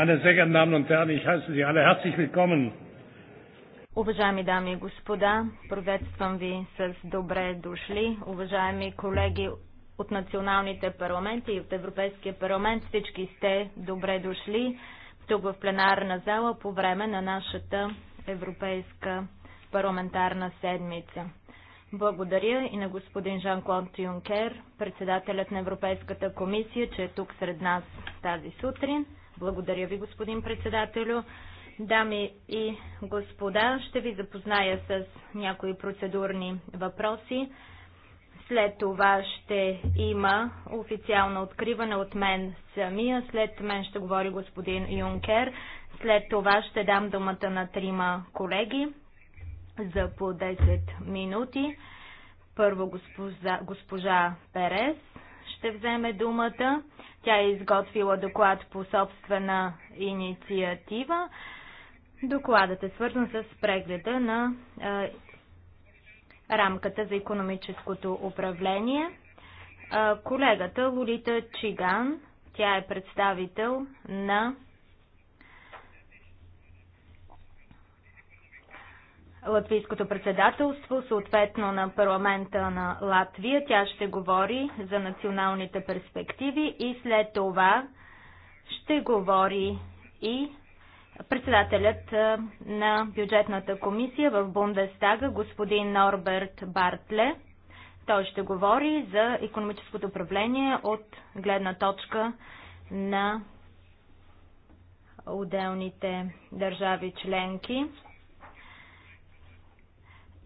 Meine sehr geehrten Damen und Herren, ich heiße Sie alle herzlich willkommen. Уважаеми дами и господа, приветствам ви с добре дошли. Уважаеми колеги от националните парламенти и от Европейския парламент, всички сте добре дошли тук в пленарна зала по време на нашата европейска парламентарна седмица. Благодаря и на господин Жан-Клод Юнкер, председателят на Европейската комисия, че е тук сред нас тази сутрин. Благодаря ви, господин председателю. Дами и господа, ще ви запозная с някои процедурни въпроси. След това ще има официално откриване от мен самия. След мен ще говори господин Юнкер. След това ще дам думата на трима колеги за по 10 минути. Първо госпожа, госпожа Перес, ще вземе думата. Тя е изготвила доклад по собствена инициатива. Докладът е свързан с прегледа на е, рамката за економическото управление. Е, колегата Лолита Чиган, тя е представител на латвийското председателство, съответно на парламента на Латвия. Тя ще говори за националните перспективи и след това ще говори и председателят на бюджетната комисия в Бундестага, господин Норберт Бартле. Той ще говори за економическото управление от гледна точка на отделните държави членки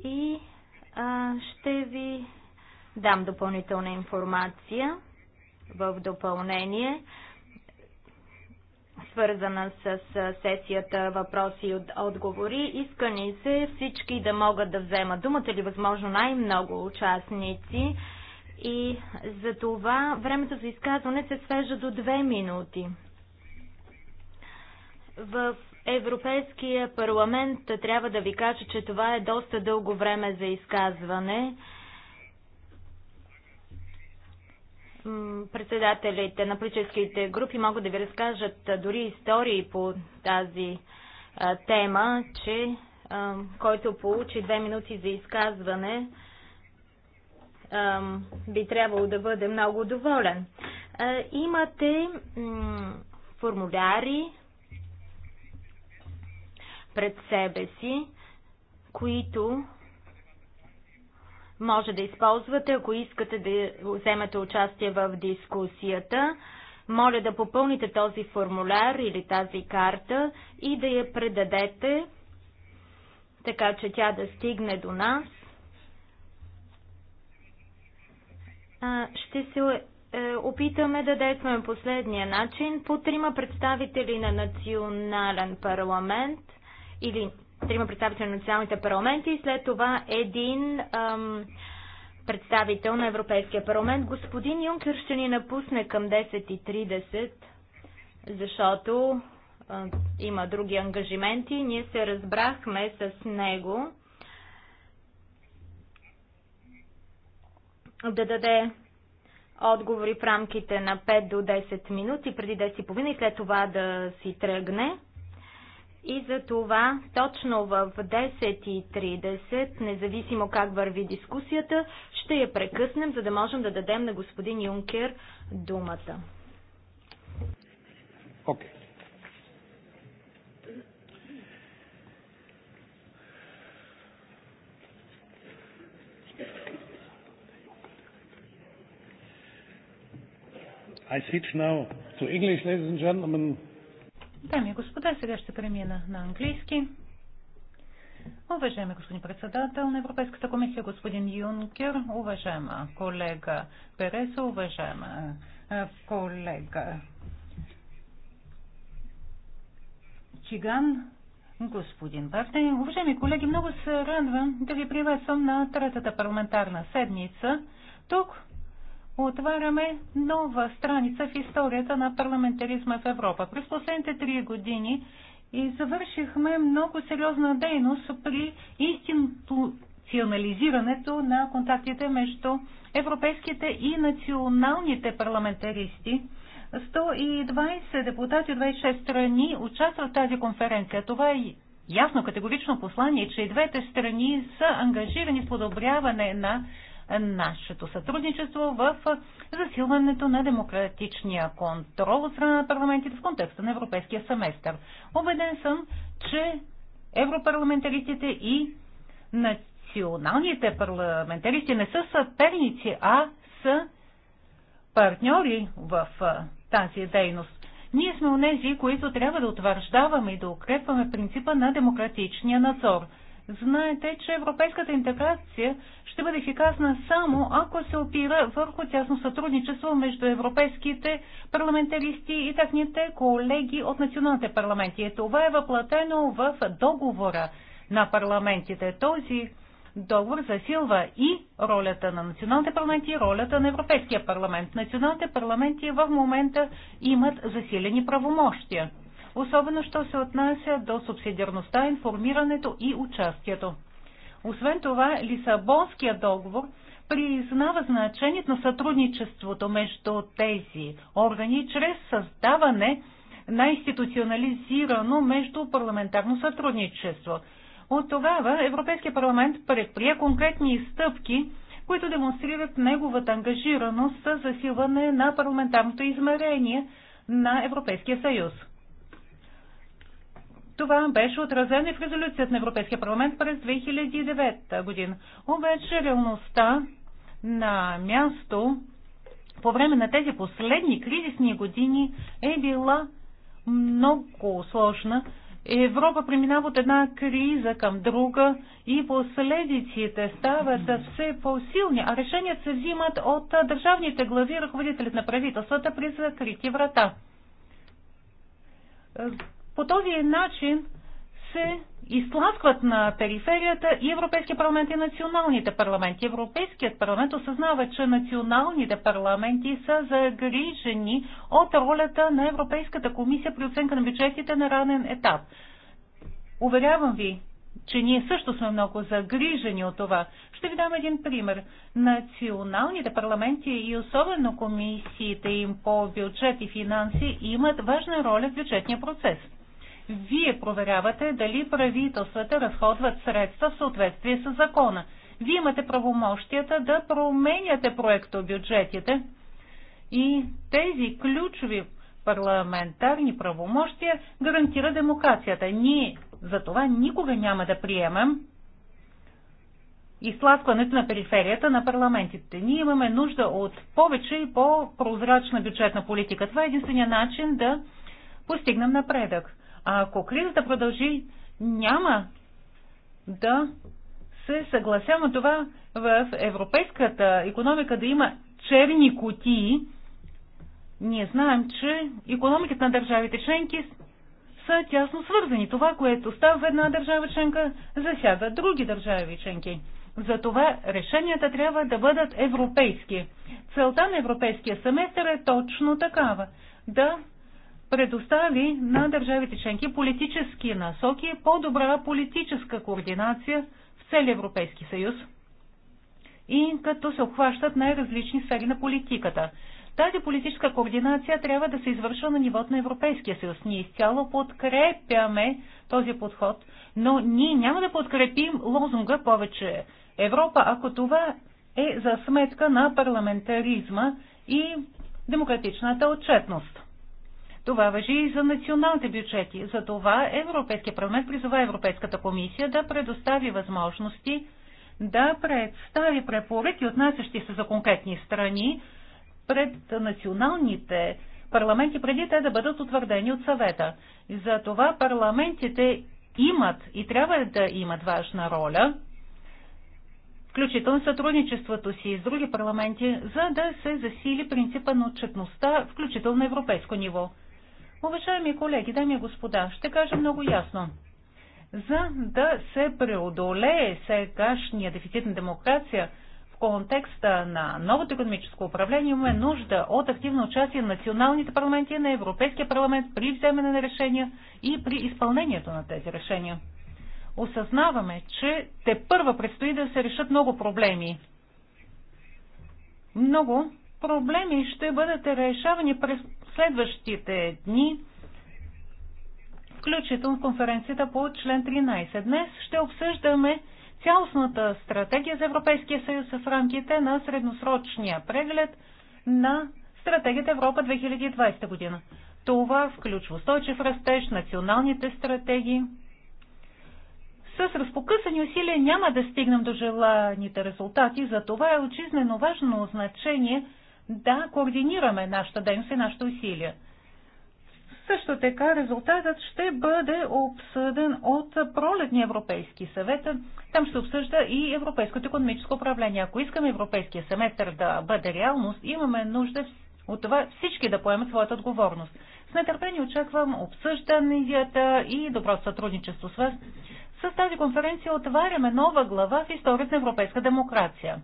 и а, ще ви дам допълнителна информация в допълнение, свързана с сесията въпроси и отговори. Искани се всички да могат да вземат думата или възможно най-много участници и за това времето за изказване се свежа до две минути. В Европейския парламент трябва да ви кажа, че това е доста дълго време за изказване. Председателите на политическите групи могат да ви разкажат дори истории по тази тема, че който получи две минути за изказване, би трябвало да бъде много доволен. Имате формуляри, пред себе си, които може да използвате, ако искате да вземете участие в дискусията. Моля да попълните този формуляр или тази карта и да я предадете, така че тя да стигне до нас. Ще се е, опитаме да действаме последния начин. По трима представители на национален парламент – или трима представители на националните парламенти и след това един ам, представител на Европейския парламент. Господин Юнкер ще ни напусне към 10.30, защото а, има други ангажименти. Ние се разбрахме с него да даде отговори в рамките на 5 до 10 минути, преди 10.30 и след това да си тръгне. И за това точно в 10.30, независимо как върви дискусията, ще я прекъснем, за да можем да дадем на господин Юнкер думата. Okay. I switch now to English, ladies and gentlemen. Дами и господа, сега ще премина на английски. Уважаеми господин председател на Европейската комисия, господин Юнкер, уважаема колега Пересо, уважаема колега Чиган, господин Бартен, уважаеми колеги, много се радвам да ви приветствам на третата парламентарна седмица тук отваряме нова страница в историята на парламентаризма в Европа. През последните три години и завършихме много сериозна дейност при институционализирането на контактите между европейските и националните парламентаристи. 120 депутати от 26 страни участват в тази конференция. Това е ясно категорично послание, че и двете страни са ангажирани в подобряване на нашето сътрудничество в засилването на демократичния контрол от страна на парламентите в контекста на европейския семестър. Обеден съм, че европарламентаристите и националните парламентаристи не са съперници, а са партньори в тази дейност. Ние сме онези, които трябва да утвърждаваме и да укрепваме принципа на демократичния надзор. Знаете, че европейската интеграция ще бъде ефикасна само ако се опира върху тясно сътрудничество между европейските парламентаристи и техните колеги от националните парламенти. И това е въплатено в договора на парламентите. Този договор засилва и ролята на националните парламенти, и ролята на Европейския парламент. Националните парламенти в момента имат засилени правомощия особено що се отнася до субсидиарността, информирането и участието. Освен това, Лисабонския договор признава значението на сътрудничеството между тези органи чрез създаване на институционализирано между парламентарно сътрудничество. От тогава Европейския парламент предприе конкретни стъпки, които демонстрират неговата ангажираност за засилване на парламентарното измерение на Европейския съюз. Това беше отразено и в резолюцията на Европейския парламент през 2009 година. Обаче реалността на място по време на тези последни кризисни години е била много сложна. Европа преминава от една криза към друга и последиците стават все по-силни, а решенията се взимат от държавните глави, ръководителите на правителствата при закрити врата. По този начин се изтласкват на периферията и Европейския парламент и националните парламенти. Европейският парламент осъзнава, че националните парламенти са загрижени от ролята на Европейската комисия при оценка на бюджетите на ранен етап. Уверявам ви, че ние също сме много загрижени от това. Ще ви дам един пример. Националните парламенти и особено комисиите им по бюджет и финанси имат важна роля в бюджетния процес – вие проверявате дали правителствата разходват средства в съответствие с закона. Вие имате правомощията да променяте от бюджетите и тези ключови парламентарни правомощия гарантира демокрацията. Ние за това никога няма да приемем изтласкването на периферията на парламентите. Ние имаме нужда от повече и по-прозрачна бюджетна политика. Това е единствения начин да постигнем напредък. Ако кризата продължи, няма да се съглася на това в европейската економика да има черни кутии. Ние знаем, че економиките на държавите членки са тясно свързани. Това, което става в една държава членка, засяга други държави членки. Затова решенията трябва да бъдат европейски. Целта на европейския семестър е точно такава – да предостави на държавите членки политически насоки, по-добра политическа координация в целия Европейски съюз и като се обхващат най-различни сфери на политиката. Тази политическа координация трябва да се извършва на нивото на Европейския съюз. Ние изцяло подкрепяме този подход, но ние няма да подкрепим лозунга повече Европа, ако това е за сметка на парламентаризма и демократичната отчетност. Това въжи и за националните бюджети. Затова Европейския парламент призова Европейската комисия да предостави възможности да представи препоръки, отнасящи се за конкретни страни, пред националните парламенти, преди те да бъдат утвърдени от съвета. Затова парламентите имат и трябва да имат важна роля, включително сътрудничеството си с други парламенти, за да се засили принципа на отчетността, включително на европейско ниво. Уважаеми колеги, дами и господа, ще кажа много ясно. За да се преодолее сегашния дефицит на демокрация, в контекста на новото економическо управление имаме нужда от активно участие на националните парламенти и на Европейския парламент при вземане на решения и при изпълнението на тези решения. Осъзнаваме, че те първа предстои да се решат много проблеми. Много проблеми ще бъдат решавани през следващите дни, включително конференцията по член 13. Днес ще обсъждаме цялостната стратегия за Европейския съюз в рамките на средносрочния преглед на стратегията Европа 2020 година. Това включва устойчив растеж, националните стратегии. С разпокъсани усилия няма да стигнем до желаните резултати, за това е от важно значение – да координираме нашата дейност и нашите усилия. Също така резултатът ще бъде обсъден от пролетния Европейски съвет. Там ще обсъжда и Европейското економическо управление. Ако искаме Европейския семестър да бъде реалност, имаме нужда от това всички да поемат своята отговорност. С нетърпение очаквам обсъжданията и добро сътрудничество с вас. С тази конференция отваряме нова глава в историята на европейска демокрация.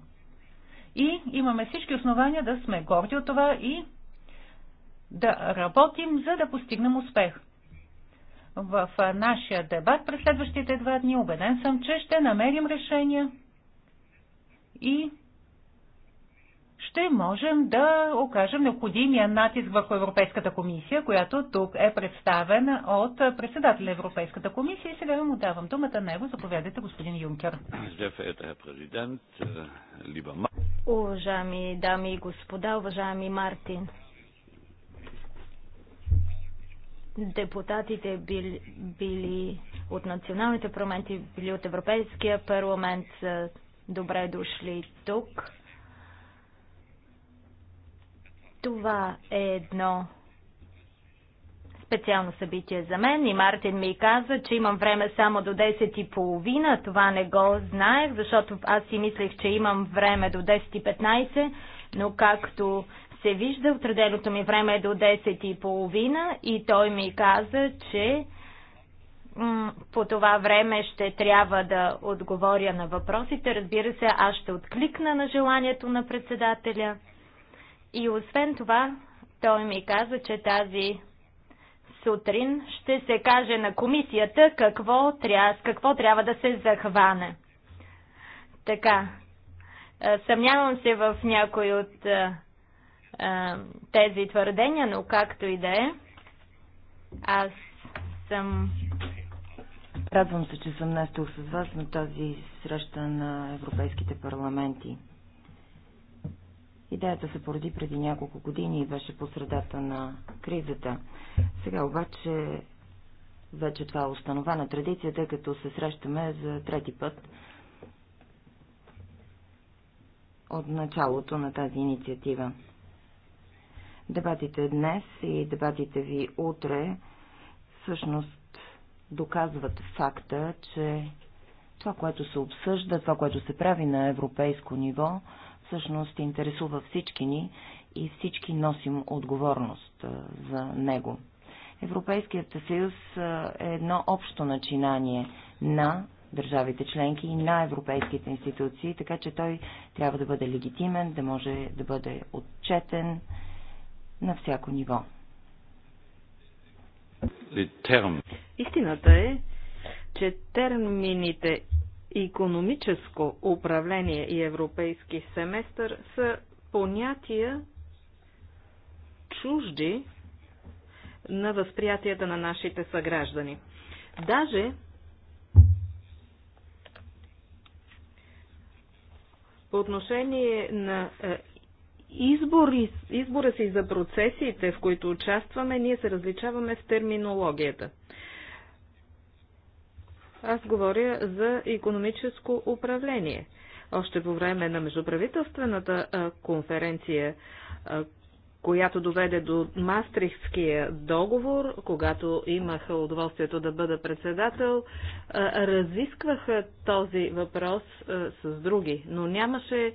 И имаме всички основания да сме горди от това и да работим, за да постигнем успех. В нашия дебат през следващите два дни убеден съм, че ще намерим решения и ще можем да окажем необходимия натиск върху Европейската комисия, която тук е представена от председателя Европейската комисия. И сега му давам думата на него. Заповядайте, господин Юнкер. Уважаеми дами и господа, уважаеми Мартин. Депутатите били, били от националните парламенти, били от Европейския парламент, са добре дошли тук. Това е едно специално събитие за мен и Мартин ми каза, че имам време само до 10 и половина. Това не го знаех, защото аз си мислех, че имам време до 10.15, но както се вижда, отреденото ми време е до 10 и половина и той ми каза, че по това време ще трябва да отговоря на въпросите. Разбира се, аз ще откликна на желанието на председателя. И освен това, той ми каза, че тази сутрин ще се каже на комисията какво, трябва, какво трябва да се захване. Така, е, съмнявам се в някои от е, е, тези твърдения, но както и да е, аз съм. Радвам се, че съм настил с вас на тази среща на европейските парламенти. Идеята се породи преди няколко години и беше по средата на кризата. Сега обаче вече това е установена традиция, тъй като се срещаме за трети път от началото на тази инициатива. Дебатите днес и дебатите ви утре всъщност доказват факта, че това, което се обсъжда, това, което се прави на европейско ниво, всъщност интересува всички ни и всички носим отговорност за него. Европейският съюз е едно общо начинание на държавите членки и на европейските институции, така че той трябва да бъде легитимен, да може да бъде отчетен на всяко ниво. Истината е, че термините Икономическо управление и европейски семестър са понятия чужди на възприятията на нашите съграждани. Даже по отношение на е, избори, избора си за процесите, в които участваме, ние се различаваме в терминологията. Аз говоря за економическо управление. Още по време на междуправителствената конференция, която доведе до Мастрихския договор, когато имах удоволствието да бъда председател, разискваха този въпрос с други, но нямаше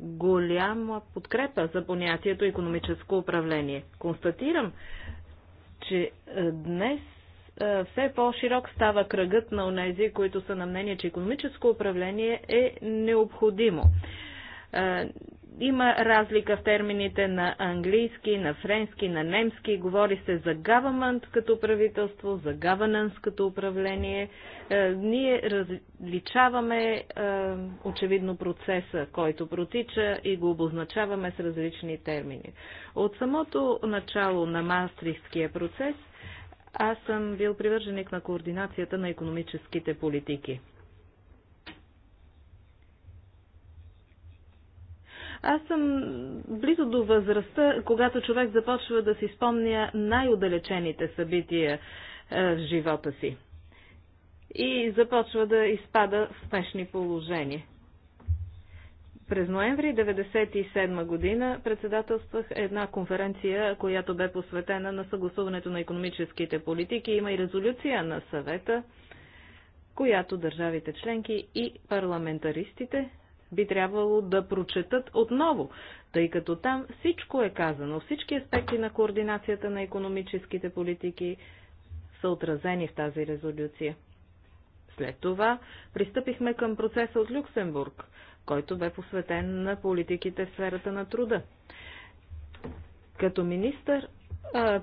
голяма подкрепа за понятието економическо управление. Констатирам, че днес е, все по-широк става кръгът на онези, които са на мнение, че економическо управление е необходимо. Е, има разлика в термините на английски, на френски, на немски. Говори се за government като правителство, за governance като управление. Е, ние различаваме очевидно процеса, който протича и го обозначаваме с различни термини. От самото начало на мастрихския процес аз съм бил привърженик на координацията на економическите политики. Аз съм близо до възрастта, когато човек започва да си спомня най-удалечените събития е, в живота си и започва да изпада в смешни положения. През ноември 1997 година председателствах една конференция, която бе посветена на съгласуването на економическите политики. Има и резолюция на съвета, която държавите членки и парламентаристите би трябвало да прочетат отново, тъй като там всичко е казано, всички аспекти на координацията на економическите политики са отразени в тази резолюция. След това пристъпихме към процеса от Люксембург – който бе посветен на политиките в сферата на труда. Като министър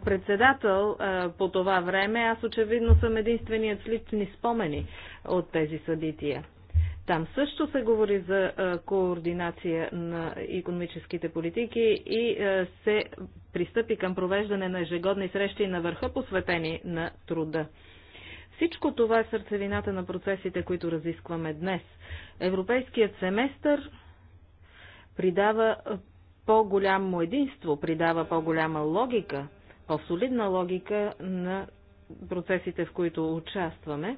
председател по това време, аз очевидно съм единственият с лични спомени от тези събития. Там също се говори за координация на економическите политики и се пристъпи към провеждане на ежегодни срещи на върха, посветени на труда. Всичко това е сърцевината на процесите, които разискваме днес. Европейският семестър придава по-голямо единство, придава по-голяма логика, по-солидна логика на процесите, в които участваме.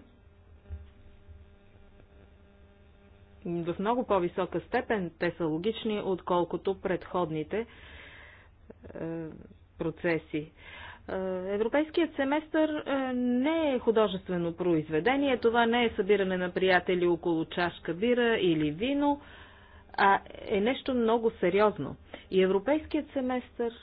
В много по-висока степен те са логични, отколкото предходните е, процеси. Е, европейският семестър е, не е художествено произведение, това не е събиране на приятели около чашка бира или вино, а е нещо много сериозно. И европейският семестър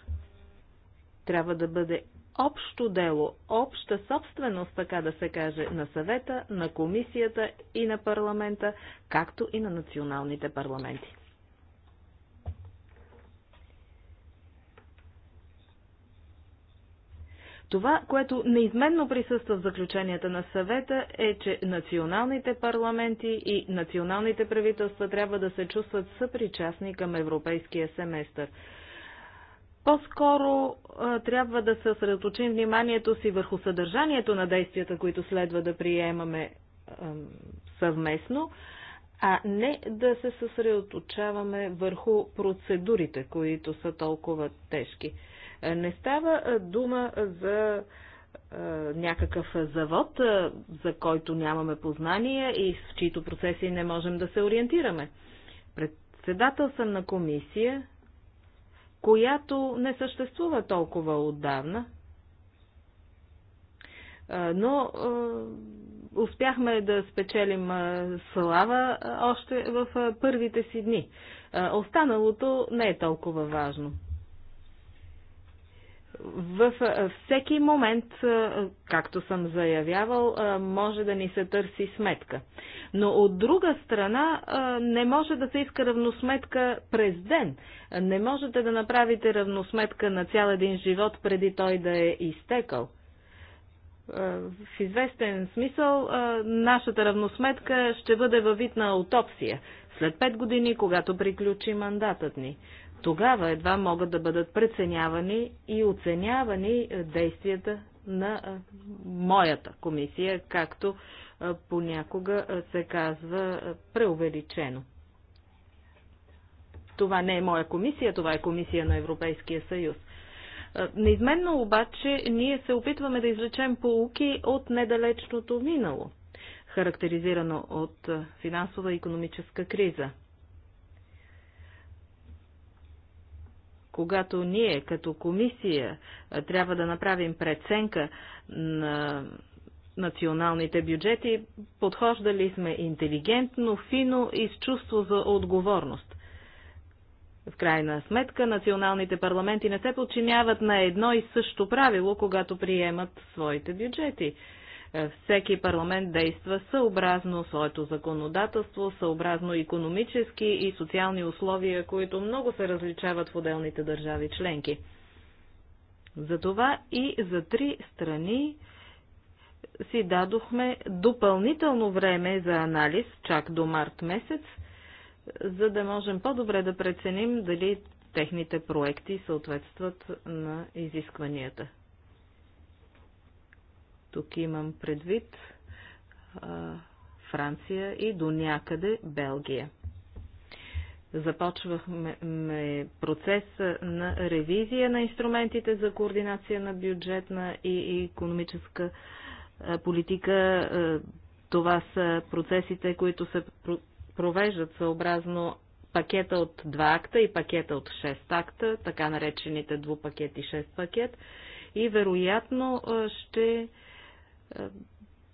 трябва да бъде общо дело, обща собственост, така да се каже, на съвета, на комисията и на парламента, както и на националните парламенти. Това, което неизменно присъства в заключенията на съвета е, че националните парламенти и националните правителства трябва да се чувстват съпричастни към европейския семестър. По-скоро трябва да съсредоточим вниманието си върху съдържанието на действията, които следва да приемаме съвместно, а не да се съсредоточаваме върху процедурите, които са толкова тежки. Не става дума за някакъв завод, за който нямаме познания и в чието процеси не можем да се ориентираме. Председател съм на комисия, която не съществува толкова отдавна, но успяхме да спечелим слава още в първите си дни. Останалото не е толкова важно в всеки момент, както съм заявявал, може да ни се търси сметка. Но от друга страна не може да се иска равносметка през ден. Не можете да направите равносметка на цял един живот преди той да е изтекал. В известен смисъл нашата равносметка ще бъде във вид на аутопсия след 5 години, когато приключи мандатът ни. Тогава едва могат да бъдат преценявани и оценявани е, действията на е, моята комисия, както е, понякога се казва преувеличено. Това не е моя комисия, това е комисия на Европейския съюз. Неизменно обаче ние се опитваме да извлечем поуки от недалечното минало, характеризирано от финансова и економическа криза – когато ние като комисия трябва да направим преценка на националните бюджети, подхождали сме интелигентно, фино и с чувство за отговорност. В крайна сметка, националните парламенти не се подчиняват на едно и също правило, когато приемат своите бюджети. Е, всеки парламент действа съобразно своето законодателство, съобразно економически и социални условия, които много се различават в отделните държави членки. Затова и за три страни си дадохме допълнително време за анализ, чак до март месец, за да можем по-добре да преценим дали техните проекти съответстват на изискванията. Тук имам предвид Франция и до някъде Белгия. Започвахме процеса на ревизия на инструментите за координация на бюджетна и економическа политика. Това са процесите, които се провеждат съобразно пакета от два акта и пакета от 6 акта, така наречените двупакет и 6 пакет. И вероятно ще е,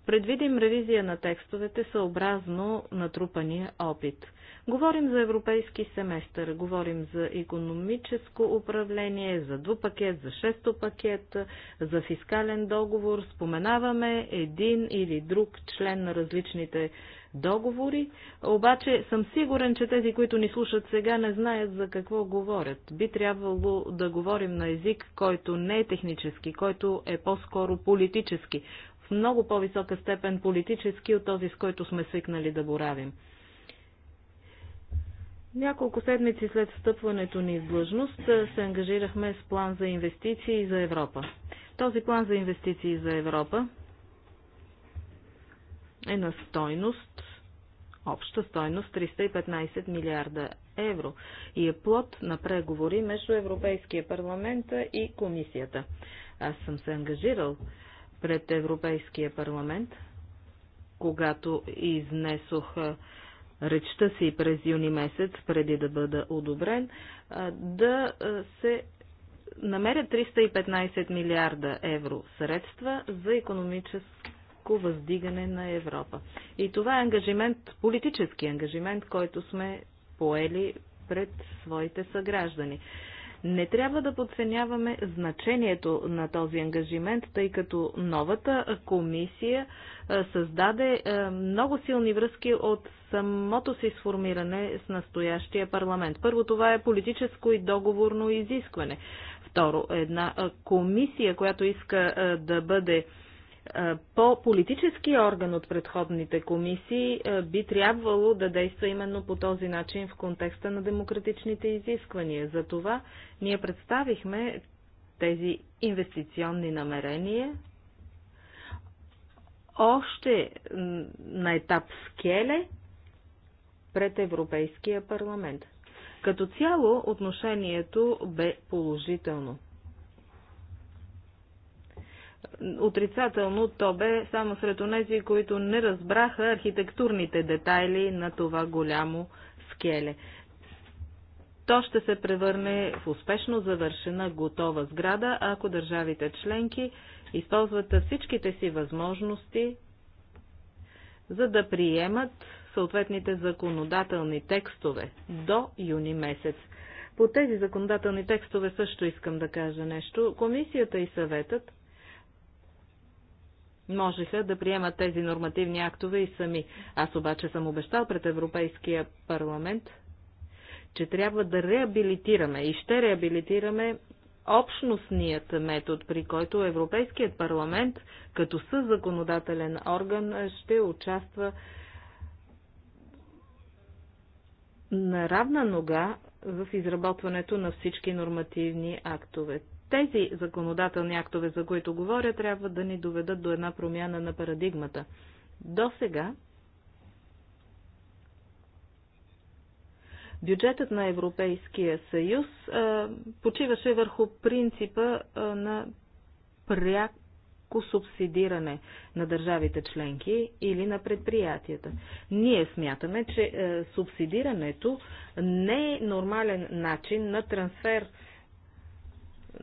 предвидим ревизия на текстовете съобразно натрупания опит. Говорим за европейски семестър, говорим за економическо управление, за двупакет, за шесто пакет, за фискален договор. Споменаваме един или друг член на различните договори, обаче съм сигурен, че тези, които ни слушат сега, не знаят за какво говорят. Би трябвало да говорим на език, който не е технически, който е по-скоро политически в много по-висока степен политически от този, с който сме свикнали да боравим. Няколко седмици след встъпването ни в длъжност се ангажирахме с план за инвестиции за Европа. Този план за инвестиции за Европа е на стойност, обща стойност 315 милиарда евро и е плод на преговори между Европейския парламент и комисията. Аз съм се ангажирал пред Европейския парламент, когато изнесох речта си през юни месец, преди да бъда одобрен, да се намерят 315 милиарда евро средства за економическо въздигане на Европа. И това е ангажимент, политически ангажимент, който сме поели пред своите съграждани. Не трябва да подценяваме значението на този ангажимент, тъй като новата комисия създаде много силни връзки от самото си сформиране с настоящия парламент. Първо, това е политическо и договорно изискване. Второ, една комисия, която иска да бъде е, по-политически орган от предходните комисии е, би трябвало да действа именно по този начин в контекста на демократичните изисквания. За това ние представихме тези инвестиционни намерения още на етап скеле пред Европейския парламент. Като цяло отношението бе положително отрицателно то бе само сред онези, които не разбраха архитектурните детайли на това голямо скеле. То ще се превърне в успешно завършена готова сграда, ако държавите членки използват всичките си възможности, за да приемат съответните законодателни текстове до юни месец. По тези законодателни текстове също искам да кажа нещо. Комисията и съветът можеха да приемат тези нормативни актове и сами. Аз обаче съм обещал пред Европейския парламент, че трябва да реабилитираме и ще реабилитираме общностният метод, при който Европейският парламент като съзаконодателен орган ще участва на равна нога в изработването на всички нормативни актове. Тези законодателни актове, за които говоря, трябва да ни доведат до една промяна на парадигмата. До сега бюджетът на Европейския съюз а, почиваше върху принципа а, на пряко субсидиране на държавите членки или на предприятията. Ние смятаме, че а, субсидирането не е нормален начин на трансфер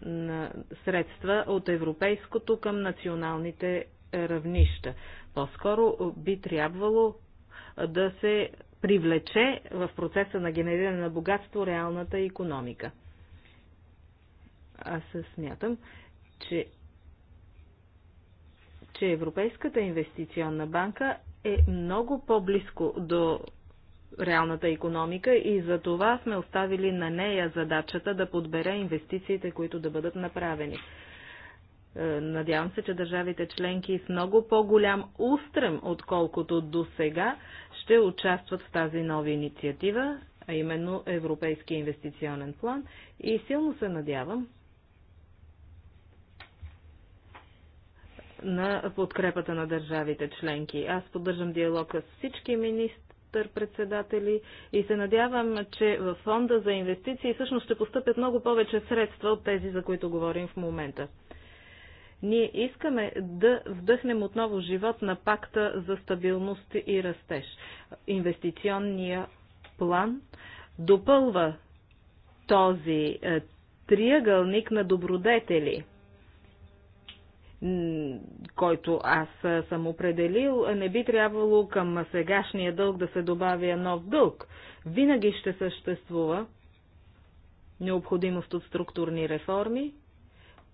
на средства от европейското към националните равнища. По-скоро би трябвало да се привлече в процеса на генериране на богатство реалната економика. Аз смятам, че, че Европейската инвестиционна банка е много по-близко до реалната економика и за това сме оставили на нея задачата да подбере инвестициите, които да бъдат направени. Е, надявам се, че държавите членки с много по-голям устрем, отколкото до сега, ще участват в тази нова инициатива, а именно Европейския инвестиционен план. И силно се надявам на подкрепата на държавите членки. Аз поддържам диалога с всички министри министър-председатели и се надявам, че в фонда за инвестиции всъщност ще постъпят много повече средства от тези, за които говорим в момента. Ние искаме да вдъхнем отново живот на пакта за стабилност и растеж. Инвестиционния план допълва този е, триъгълник на добродетели – който аз съм определил, не би трябвало към сегашния дълг да се добавя нов дълг. Винаги ще съществува необходимост от структурни реформи,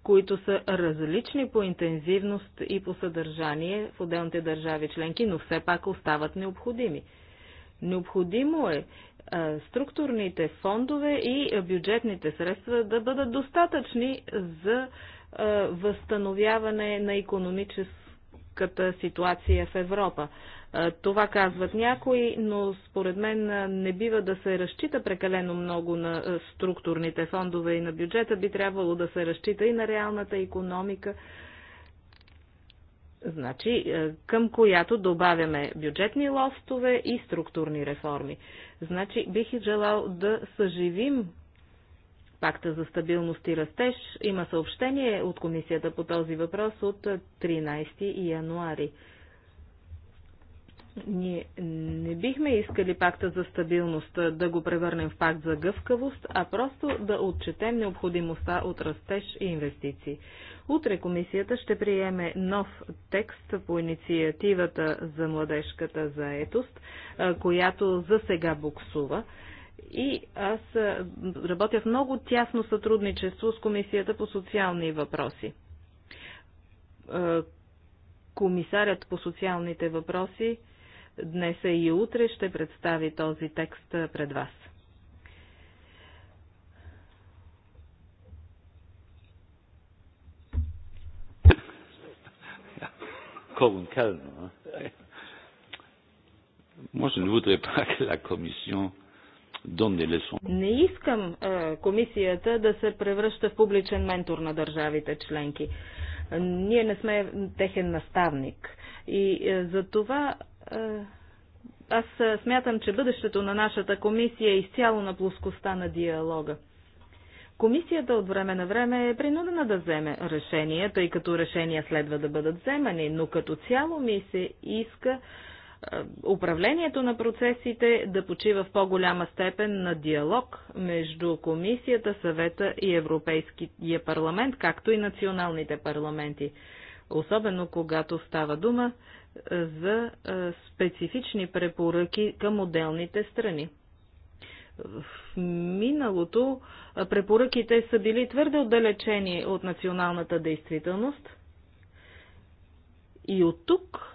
които са различни по интензивност и по съдържание в отделните държави членки, но все пак остават необходими. Необходимо е структурните фондове и бюджетните средства да бъдат достатъчни за е, възстановяване на економическата ситуация в Европа. Е, това казват някои, но според мен е, не бива да се разчита прекалено много на структурните фондове и на бюджета. Би трябвало да се разчита и на реалната економика, значи, към която добавяме бюджетни лостове и структурни реформи. Значи, бих и желал да съживим пакта за стабилност и растеж. Има съобщение от комисията по този въпрос от 13 януари. Ние не бихме искали пакта за стабилност да го превърнем в пакт за гъвкавост, а просто да отчетем необходимостта от растеж и инвестиции. Утре комисията ще приеме нов текст по инициативата за младежката заетост, която за сега буксува. И аз работя в много тясно сътрудничество с Комисията по социални въпроси. Комисарят по социалните въпроси днес и утре ще представи този текст пред вас. Колун Кълно. Moi, je ne не искам е, комисията да се превръща в публичен ментор на държавите членки. Ние не сме техен наставник. И е, за това е, аз смятам, че бъдещето на нашата комисия е изцяло на плоскостта на диалога. Комисията от време на време е принудена да вземе решения, тъй като решения следва да бъдат вземани, но като цяло ми се иска е, управлението на процесите да почива в по-голяма степен на диалог между Комисията, съвета и Европейския парламент, както и националните парламенти. Особено когато става дума е, за е, специфични препоръки към отделните страни. В миналото препоръките са били твърде отдалечени от националната действителност и от тук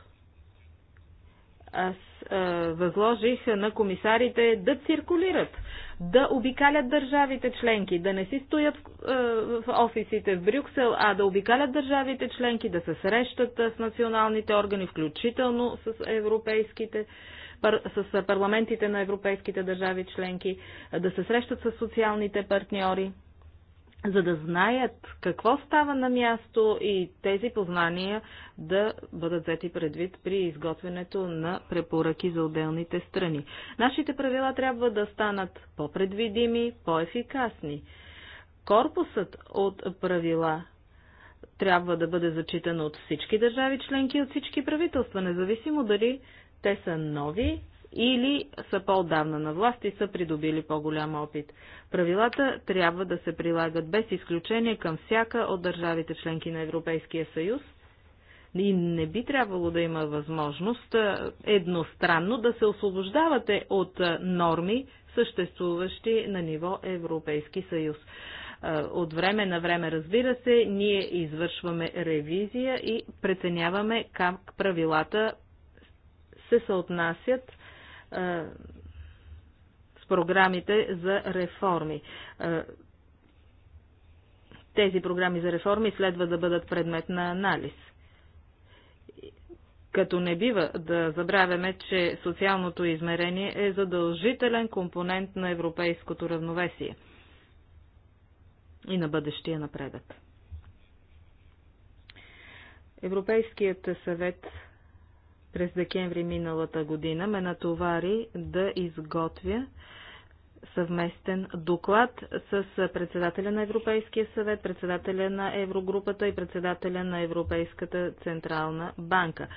аз а, възложих на комисарите да циркулират, да обикалят държавите членки, да не си стоят а, в офисите в Брюксел, а да обикалят държавите членки, да се срещат с националните органи, включително с европейските с парламентите на европейските държави членки, да се срещат с социалните партньори за да знаят какво става на място и тези познания да бъдат взети предвид при изготвянето на препоръки за отделните страни. Нашите правила трябва да станат по-предвидими, по-ефикасни. Корпусът от правила трябва да бъде зачитан от всички държави членки и от всички правителства, независимо дали те са нови или са по-давна на власт и са придобили по-голям опит. Правилата трябва да се прилагат без изключение към всяка от държавите членки на Европейския съюз и не би трябвало да има възможност едностранно да се освобождавате от норми, съществуващи на ниво Европейски съюз. От време на време, разбира се, ние извършваме ревизия и преценяваме как правилата се съотнасят с програмите за реформи. Тези програми за реформи следва да бъдат предмет на анализ. Като не бива да забравяме, че социалното измерение е задължителен компонент на европейското равновесие и на бъдещия напредък. Европейският съвет през декември миналата година ме натовари да изготвя съвместен доклад с председателя на Европейския съвет, председателя на Еврогрупата и председателя на Европейската централна банка.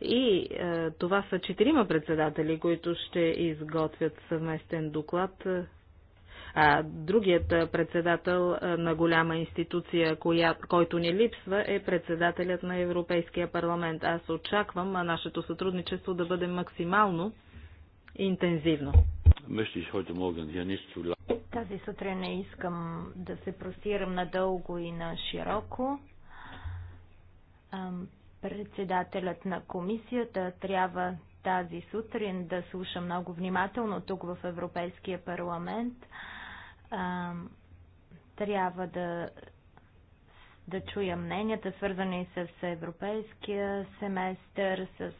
И е, това са четирима председатели, които ще изготвят съвместен доклад е, а другият председател на голяма институция, коя, който ни липсва, е председателят на Европейския парламент. Аз очаквам нашето сътрудничество да бъде максимално интензивно. Тази сутрин не искам да се простирам надълго и на широко. Председателят на комисията трябва тази сутрин да слуша много внимателно тук в Европейския парламент а, трябва да, да чуя мненията, свързани с европейския семестър, с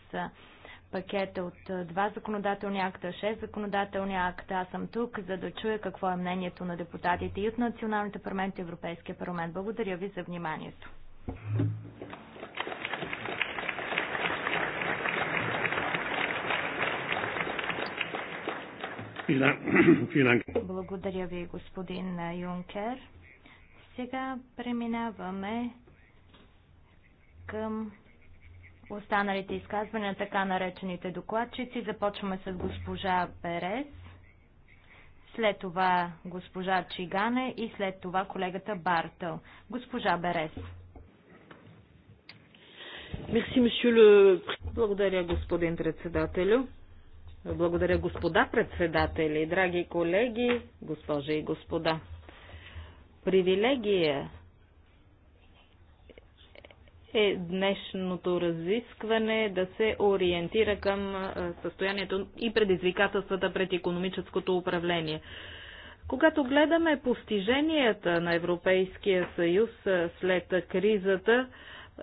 пакета от два законодателни акта, шест законодателни акта. Аз съм тук, за да чуя какво е мнението на депутатите и от националните парламенти и Европейския парламент. Благодаря ви за вниманието. Благодаря ви, господин Юнкер. Сега преминаваме към останалите изказвания така наречените докладчици. Започваме с госпожа Перес, след това госпожа Чигане и след това колегата Бартъл. Госпожа Берес. Благодаря, господин председателю. Благодаря, господа председатели, драги колеги, госпожи и господа. Привилегия е днешното разискване да се ориентира към състоянието и предизвикателствата пред економическото управление. Когато гледаме постиженията на Европейския съюз след кризата,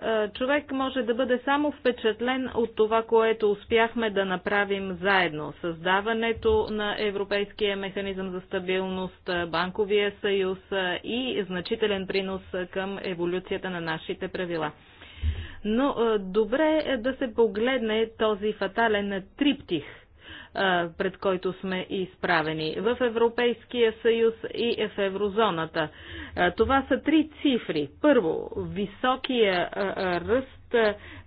е, човек може да бъде само впечатлен от това, което успяхме да направим заедно. Създаването на Европейския механизъм за стабилност, е, Банковия съюз е, и значителен принос към еволюцията на нашите правила. Но добре е да се погледне този фатален триптих – пред който сме изправени в Европейския съюз и в еврозоната. Това са три цифри. Първо, високия ръст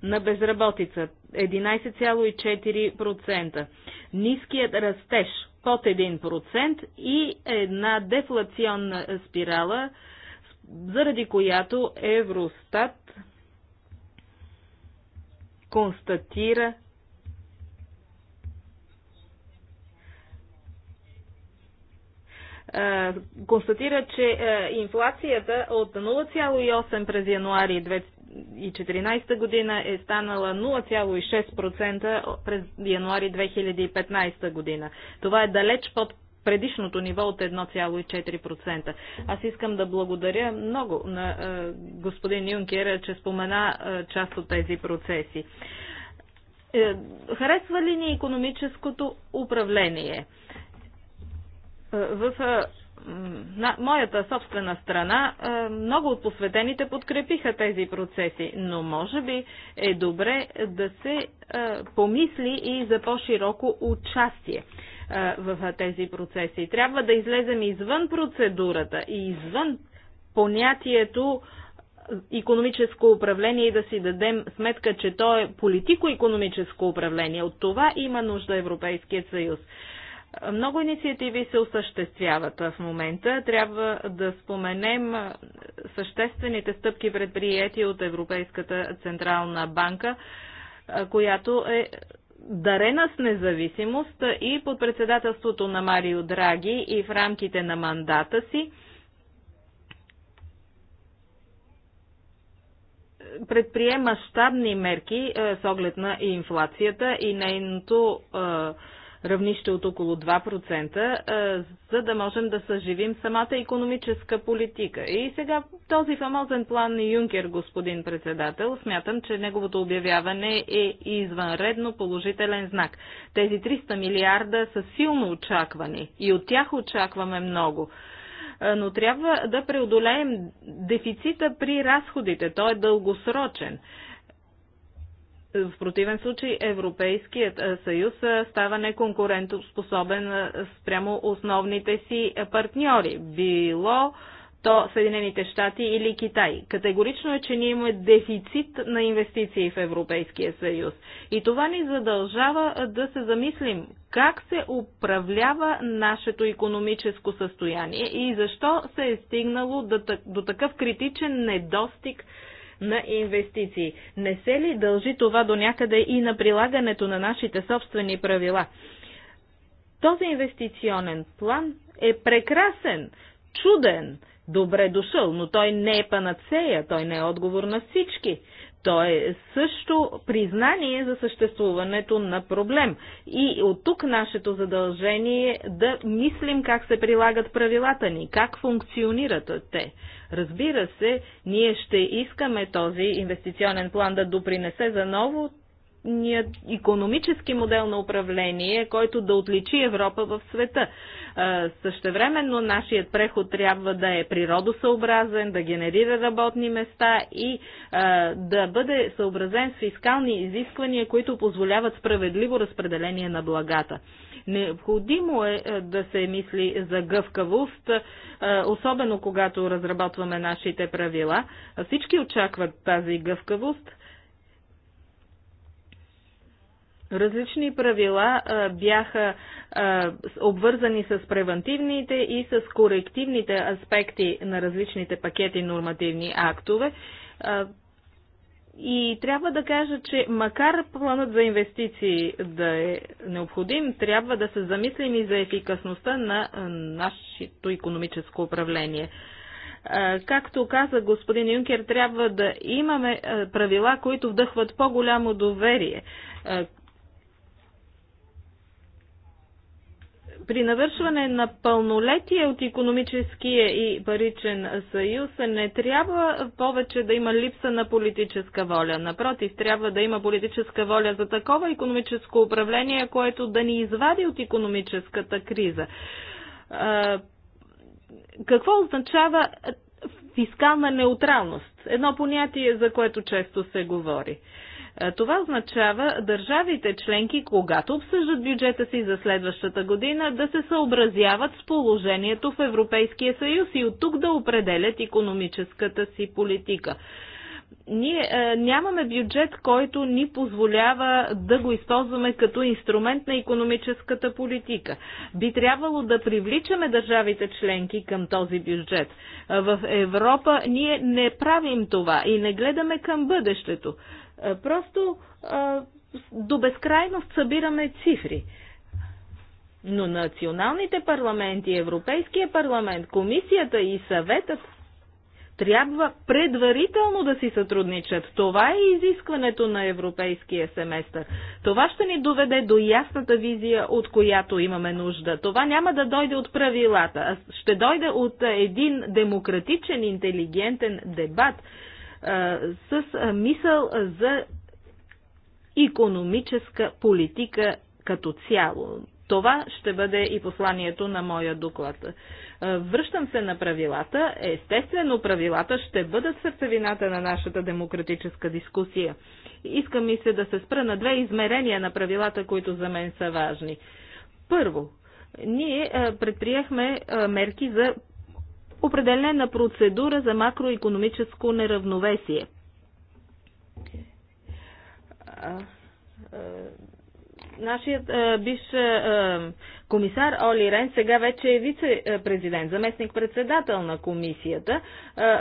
на безработица 11,4%, ниският растеж под 1% и една дефлационна спирала, заради която Евростат констатира Е, констатира, че е, инфлацията от 0,8 през януари 2014 година е станала 0,6% през януари 2015 година. Това е далеч под предишното ниво от 1,4%. Аз искам да благодаря много на е, господин Юнкер, че спомена част от тези процеси. Харесва ли ни економическото управление? Е, в е, на моята собствена страна е, много от посветените подкрепиха тези процеси, но може би е добре да се помисли и за по-широко участие в тези процеси. Трябва да излезем извън процедурата и извън понятието економическо управление и да си дадем сметка, че то е политико-економическо управление. От това има нужда Европейският съюз. Много инициативи се осъществяват в момента. Трябва да споменем съществените стъпки предприяти от Европейската Централна банка, която е дарена с независимост и под председателството на Марио Драги и в рамките на мандата си предприема мащабни мерки е, с оглед на инфлацията и нейното е, равнище от около 2%, за да можем да съживим самата економическа политика. И сега този фамозен план Юнкер, господин председател, смятам, че неговото обявяване е извънредно положителен знак. Тези 300 милиарда са силно очаквани и от тях очакваме много но трябва да преодолеем дефицита при разходите. Той е дългосрочен. В противен случай Европейският съюз става неконкурентоспособен спрямо основните си партньори, било то Съединените щати или Китай. Категорично е, че ние имаме дефицит на инвестиции в Европейския съюз. И това ни задължава да се замислим как се управлява нашето економическо състояние и защо се е стигнало до такъв критичен недостиг на инвестиции. Не се ли дължи това до някъде и на прилагането на нашите собствени правила? Този инвестиционен план е прекрасен, чуден, добре дошъл, но той не е панацея, той не е отговор на всички. Той е също признание за съществуването на проблем. И от тук нашето задължение е да мислим как се прилагат правилата ни, как функционират те. Разбира се, ние ще искаме този инвестиционен план да допринесе за ново единственият економически модел на управление, който да отличи Европа в света. Същевременно нашият преход трябва да е природосъобразен, да генерира работни места и да бъде съобразен с фискални изисквания, които позволяват справедливо разпределение на благата. Необходимо е да се мисли за гъвкавост, особено когато разработваме нашите правила. Всички очакват тази гъвкавост, Различни правила а, бяха а, обвързани с превентивните и с корективните аспекти на различните пакети нормативни актове. А, и трябва да кажа, че макар планът за инвестиции да е необходим, трябва да се замислим и за ефикасността на нашето економическо управление. Както каза господин Юнкер, трябва да имаме правила, които вдъхват по-голямо доверие при навършване на пълнолетие от економическия и паричен съюз не трябва повече да има липса на политическа воля. Напротив, трябва да има политическа воля за такова економическо управление, което да ни извади от економическата криза. Какво означава фискална неутралност? Едно понятие, за което често се говори. Е, това означава държавите членки, когато обсъждат бюджета си за следващата година, да се съобразяват с положението в Европейския съюз и от тук да определят економическата си политика ние е, нямаме бюджет, който ни позволява да го използваме като инструмент на економическата политика. Би трябвало да привличаме държавите членки към този бюджет. Е, в Европа ние не правим това и не гледаме към бъдещето. Е, просто е, до безкрайност събираме цифри. Но националните парламенти, Европейския парламент, комисията и съветът трябва предварително да си сътрудничат. Това е изискването на европейския семестър. Това ще ни доведе до ясната визия, от която имаме нужда. Това няма да дойде от правилата, а ще дойде от един демократичен, интелигентен дебат с мисъл за економическа политика като цяло. Това ще бъде и посланието на моя доклад. Връщам се на правилата. Естествено, правилата ще бъдат сърцевината на нашата демократическа дискусия. Искам и се да се спра на две измерения на правилата, които за мен са важни. Първо, ние предприехме мерки за Определена на процедура за макроекономическо неравновесие. Нашият биш комисар Оли Рен сега вече е вице-президент, заместник-председател на комисията.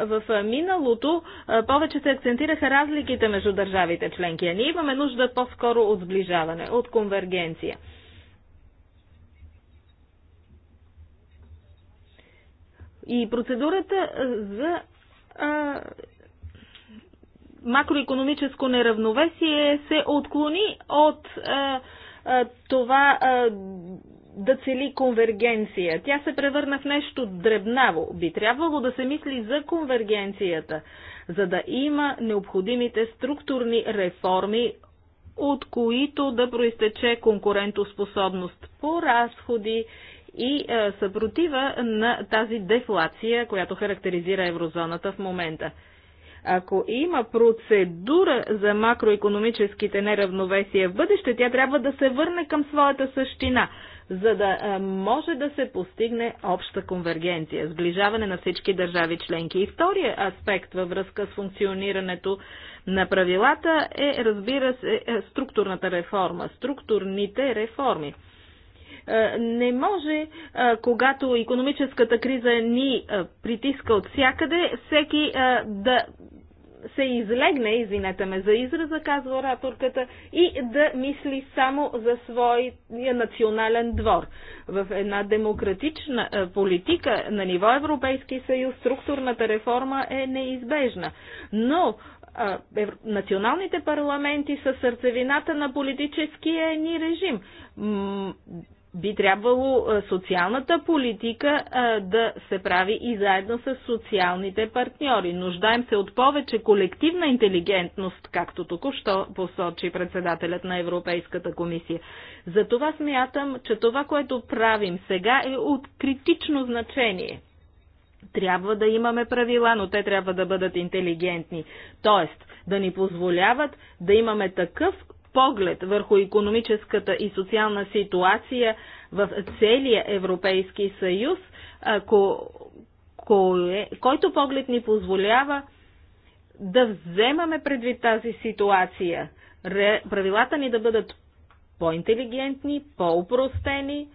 В миналото повече се акцентираха разликите между държавите членки, а ние имаме нужда по-скоро от сближаване, от конвергенция. И процедурата за а, макроекономическо неравновесие се отклони от а, а, това а, да цели конвергенция. Тя се превърна в нещо дребнаво. Би трябвало да се мисли за конвергенцията, за да има необходимите структурни реформи, от които да проистече конкурентоспособност по разходи, и е, съпротива на тази дефлация, която характеризира еврозоната в момента. Ако има процедура за макроекономическите неравновесия в бъдеще, тя трябва да се върне към своята същина, за да е, може да се постигне обща конвергенция, сближаване на всички държави членки. И втория аспект във връзка с функционирането на правилата е, разбира се, е, структурната реформа, структурните реформи. Е, не може, е, когато економическата криза ни е, притиска от всякъде, всеки да се излегне, извинете ме за израза, казва ораторката, и да мисли само за своя национален двор. В една демократична политика на ниво Европейски съюз структурната реформа е неизбежна. Но националните парламенти са сърцевината на политическия ни режим би трябвало е, социалната политика е, да се прави и заедно с социалните партньори. Нуждаем се от повече колективна интелигентност, както току-що посочи председателят на Европейската комисия. Затова смятам, че това, което правим сега е от критично значение. Трябва да имаме правила, но те трябва да бъдат интелигентни. Тоест, да ни позволяват да имаме такъв поглед върху економическата и социална ситуация в целия Европейски съюз, ако, кое, който поглед ни позволява да вземаме предвид тази ситуация, ре, правилата ни да бъдат по-интелигентни, по-упростени,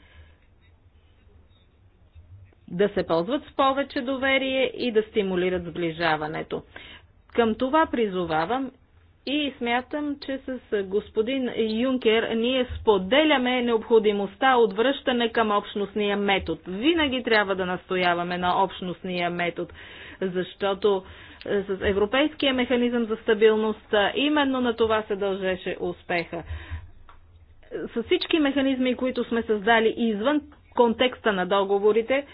да се ползват с повече доверие и да стимулират сближаването. Към това призовавам и смятам, че с господин Юнкер ние споделяме необходимостта от връщане към общностния метод. Винаги трябва да настояваме на общностния метод, защото е, с Европейския механизъм за стабилност е, именно на това се дължеше успеха. С всички механизми, които сме създали извън контекста на договорите,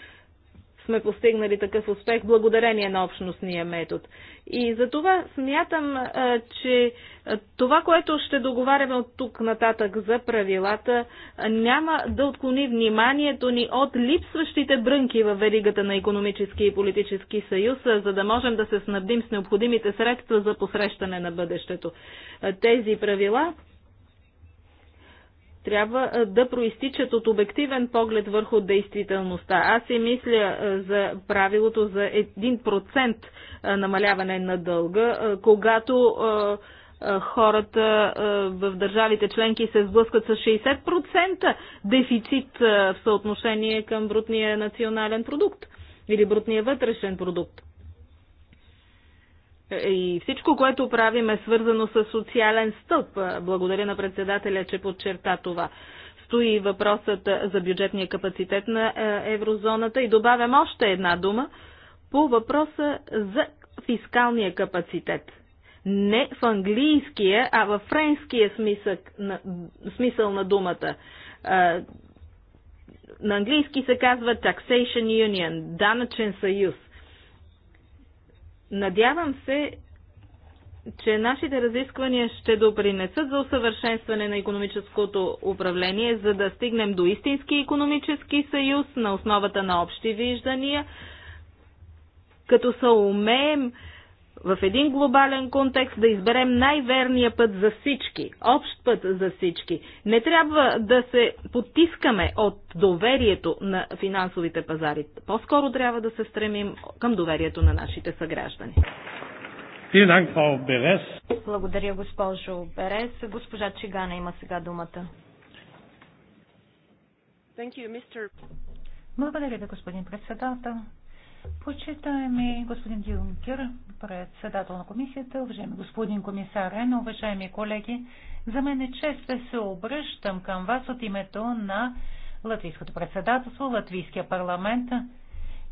сме постигнали такъв успех благодарение на общностния метод. И за това смятам, че това, което ще договаряме от тук нататък за правилата, няма да отклони вниманието ни от липсващите брънки във веригата на економически и политически съюз, за да можем да се снабдим с необходимите средства за посрещане на бъдещето. Тези правила трябва да проистичат от обективен поглед върху действителността. Аз си мисля за правилото за 1% намаляване на дълга, когато хората в държавите членки се сблъскат с 60% дефицит в съотношение към брутния национален продукт или брутния вътрешен продукт. И всичко, което правим е свързано с социален стълб. Благодаря на председателя, че подчерта това. Стои въпросът за бюджетния капацитет на е, еврозоната и добавям още една дума по въпроса за фискалния капацитет. Не в английския, а в френския на, смисъл на думата. Е, на английски се казва Taxation Union, данъчен съюз – Надявам се, че нашите разисквания ще допринесат за усъвършенстване на економическото управление, за да стигнем до истински економически съюз на основата на общи виждания, като се умеем в един глобален контекст да изберем най-верния път за всички, общ път за всички. Не трябва да се потискаме от доверието на финансовите пазари. По-скоро трябва да се стремим към доверието на нашите съграждани. Благодаря, госпожо Берес. Госпожа Чигана има сега думата. Благодаря ви, господин председател. Почитаеми господин Юнкер, председател на комисията, уважаеми господин комисар Рено, уважаеми колеги, за мен е чест да се обръщам към вас от името на Латвийското председателство, Латвийския парламент,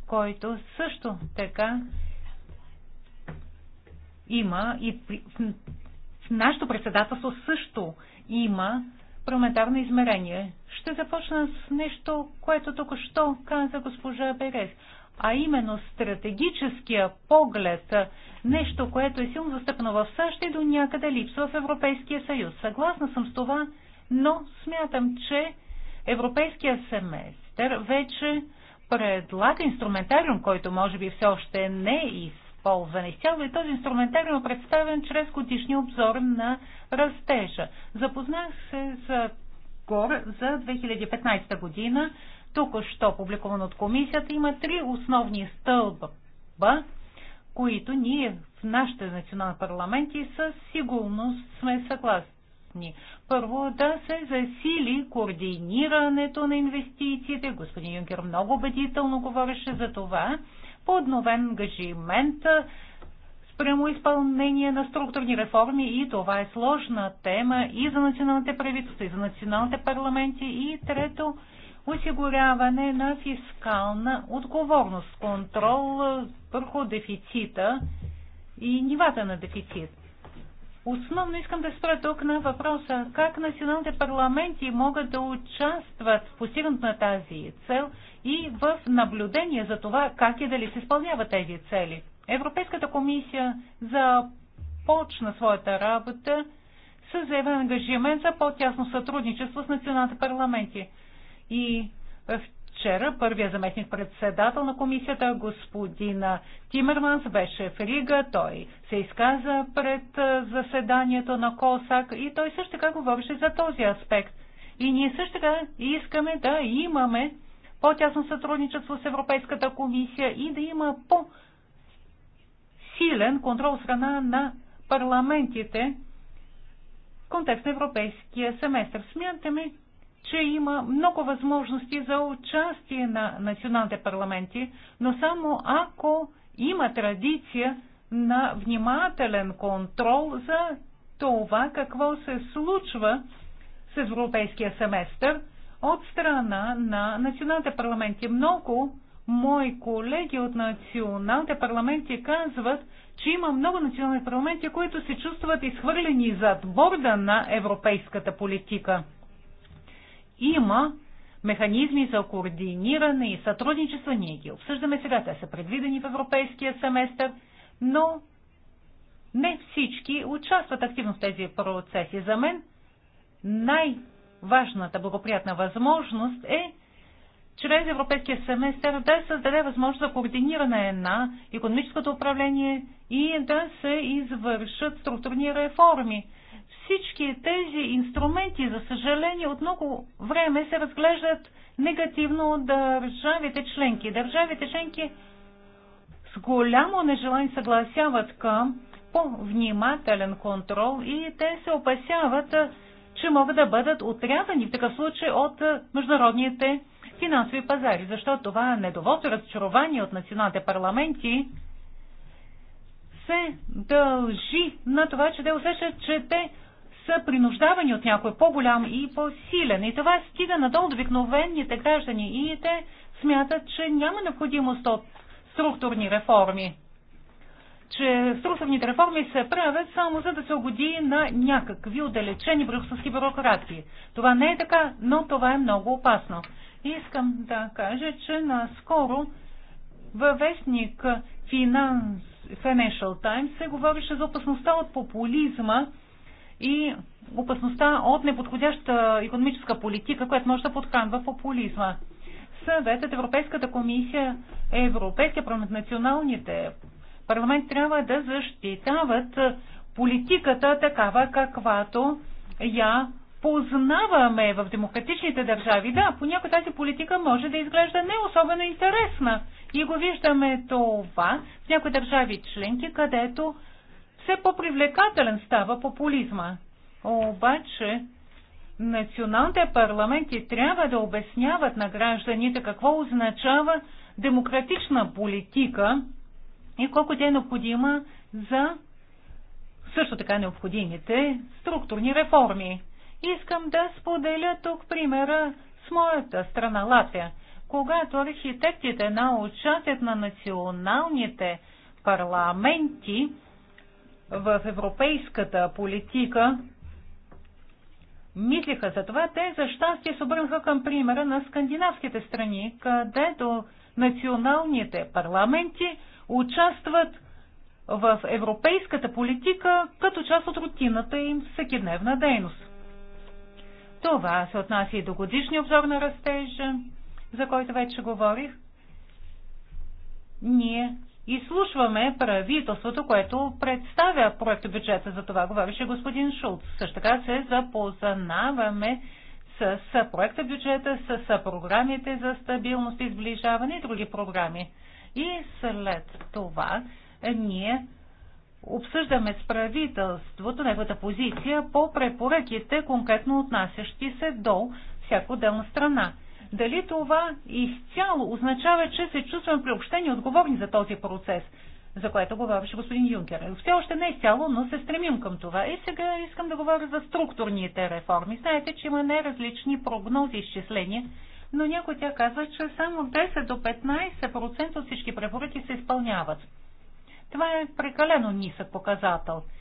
който също така има и в нашето председателство също има парламентарно измерение. Ще започна с нещо, което току-що каза госпожа Берез а именно стратегическия поглед, нещо, което е силно застъпно в САЩ и до някъде липсва в Европейския съюз. Съгласна съм с това, но смятам, че Европейския семестър вече предлага инструментариум, който може би все още не е използван изцяло и е този инструментариум е представен чрез годишния обзор на растежа. Запознах се с гор за 2015 година, току-що публикуван от комисията, има три основни стълба, които ние в нашите национални парламенти със сигурност сме съгласни. Първо да се засили координирането на инвестициите. Господин Юнкер много убедително говореше за това. По обновен ангажимент спрямо изпълнение на структурни реформи и това е сложна тема и за националните правителства, и за националните парламенти. И трето, осигуряване на фискална отговорност, контрол върху дефицита и нивата на дефицит. Основно искам да спра тук на въпроса как националните парламенти могат да участват в постигането на тази цел и в наблюдение за това как и дали се изпълняват тези цели. Европейската комисия започна своята работа с заявен ангажимент за по-тясно сътрудничество с националните парламенти. И вчера първия заместник председател на комисията, господина Тимерманс, беше в Рига. Той се изказа пред заседанието на Косак и той също така говореше за този аспект. И ние също така искаме да имаме по-тясно сътрудничество с Европейската комисия и да има по-силен контрол страна на парламентите в контекст на европейския семестър. Смятаме, че има много възможности за участие на националните парламенти, но само ако има традиция на внимателен контрол за това какво се случва с европейския семестър от страна на националните парламенти. Много мои колеги от националните парламенти казват, че има много национални парламенти, които се чувстват изхвърлени зад борда на европейската политика има механизми за координиране и сътрудничество. Ние ги обсъждаме сега. Те са предвидени в европейския семестър, но не всички участват активно в тези процеси. За мен най-важната благоприятна възможност е чрез европейския семестър да създаде възможност за координиране на економическото управление и да се извършат структурни реформи. Всички тези инструменти, за съжаление, от много време се разглеждат негативно от държавите членки. Държавите членки с голямо нежелание съгласяват към по-внимателен контрол и те се опасяват, че могат да бъдат отрязани в такъв случай от международните финансови пазари, защото това недоволство и разочарование от националните парламенти се дължи на това, че те усещат, че те са принуждавани от някой по-голям и по-силен. И това стига надолу до обикновените граждани и те смятат, че няма необходимост от структурни реформи. Че структурните реформи се правят само за да се угоди на някакви отдалечени брюкселски бюрократи. Това не е така, но това е много опасно. Искам да кажа, че наскоро във вестник Finance, Financial Times се говореше за опасността от популизма и опасността от неподходяща економическа политика, която може да подхранва популизма. Съветът, Европейската комисия, Европейския парламент, националните парламент трябва да защитават политиката такава, каквато я познаваме в демократичните държави. Да, понякога тази политика може да изглежда не особено интересна. И го виждаме това в някои държави членки, където все по-привлекателен става популизма. Обаче националните парламенти трябва да обясняват на гражданите какво означава демократична политика и колко тя е необходима за също така необходимите структурни реформи. Искам да споделя тук примера с моята страна Латвия. Когато архитектите на участят на националните парламенти, в европейската политика мислиха за това, те за щастие се обърнаха към примера на скандинавските страни, където националните парламенти участват в европейската политика като част от рутината им всекидневна дейност. Това се отнася и до годишния обзор на растежа, за който вече говорих. Ние изслушваме правителството, което представя проекта бюджета. За това говореше господин Шулц. Също така се запознаваме с, с проекта бюджета, с, с програмите за стабилност и сближаване и други програми. И след това ние обсъждаме с правителството неговата позиция по препоръките, конкретно отнасящи се до всяко отделна страна. Дали това изцяло означава, че се чувстваме приобщени и отговорни за този процес, за което говореше господин Юнкер. Все още не изцяло, но се стремим към това. И сега искам да говоря за структурните реформи. Знаете, че има най-различни прогнози и изчисления, но някой тя казва, че само 10 до 15% от всички препоръки се изпълняват. Това е прекалено нисък показател –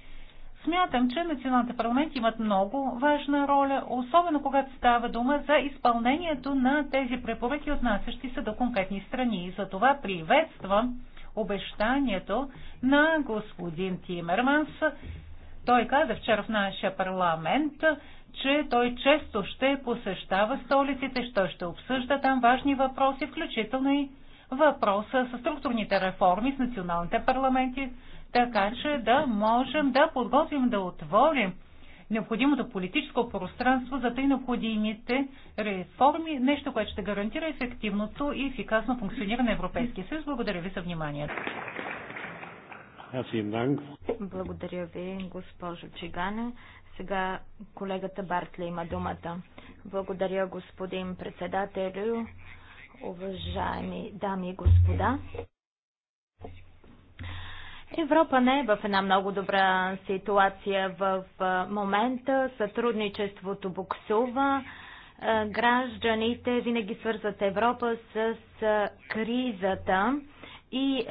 Смятам, че националните парламенти имат много важна роля, особено когато става дума за изпълнението на тези препоръки, отнасящи се до конкретни страни. И за това приветствам обещанието на господин Тимерманс. Той каза вчера в нашия парламент, че той често ще посещава столиците, що ще обсъжда там важни въпроси, включително и въпроса с структурните реформи с националните парламенти, така че да можем да подготвим, да отворим необходимото политическо пространство за тъй необходимите реформи, нещо, което ще гарантира ефективното и ефикасно функциониране на Европейския съюз. Благодаря ви за вниманието. Благодаря ви, госпожо Чигане. Сега колегата Бартли има думата. Благодаря, господин председателю, уважаеми дами и господа. Европа не е в една много добра ситуация в момента. Сътрудничеството буксува. Гражданите винаги свързват Европа с кризата и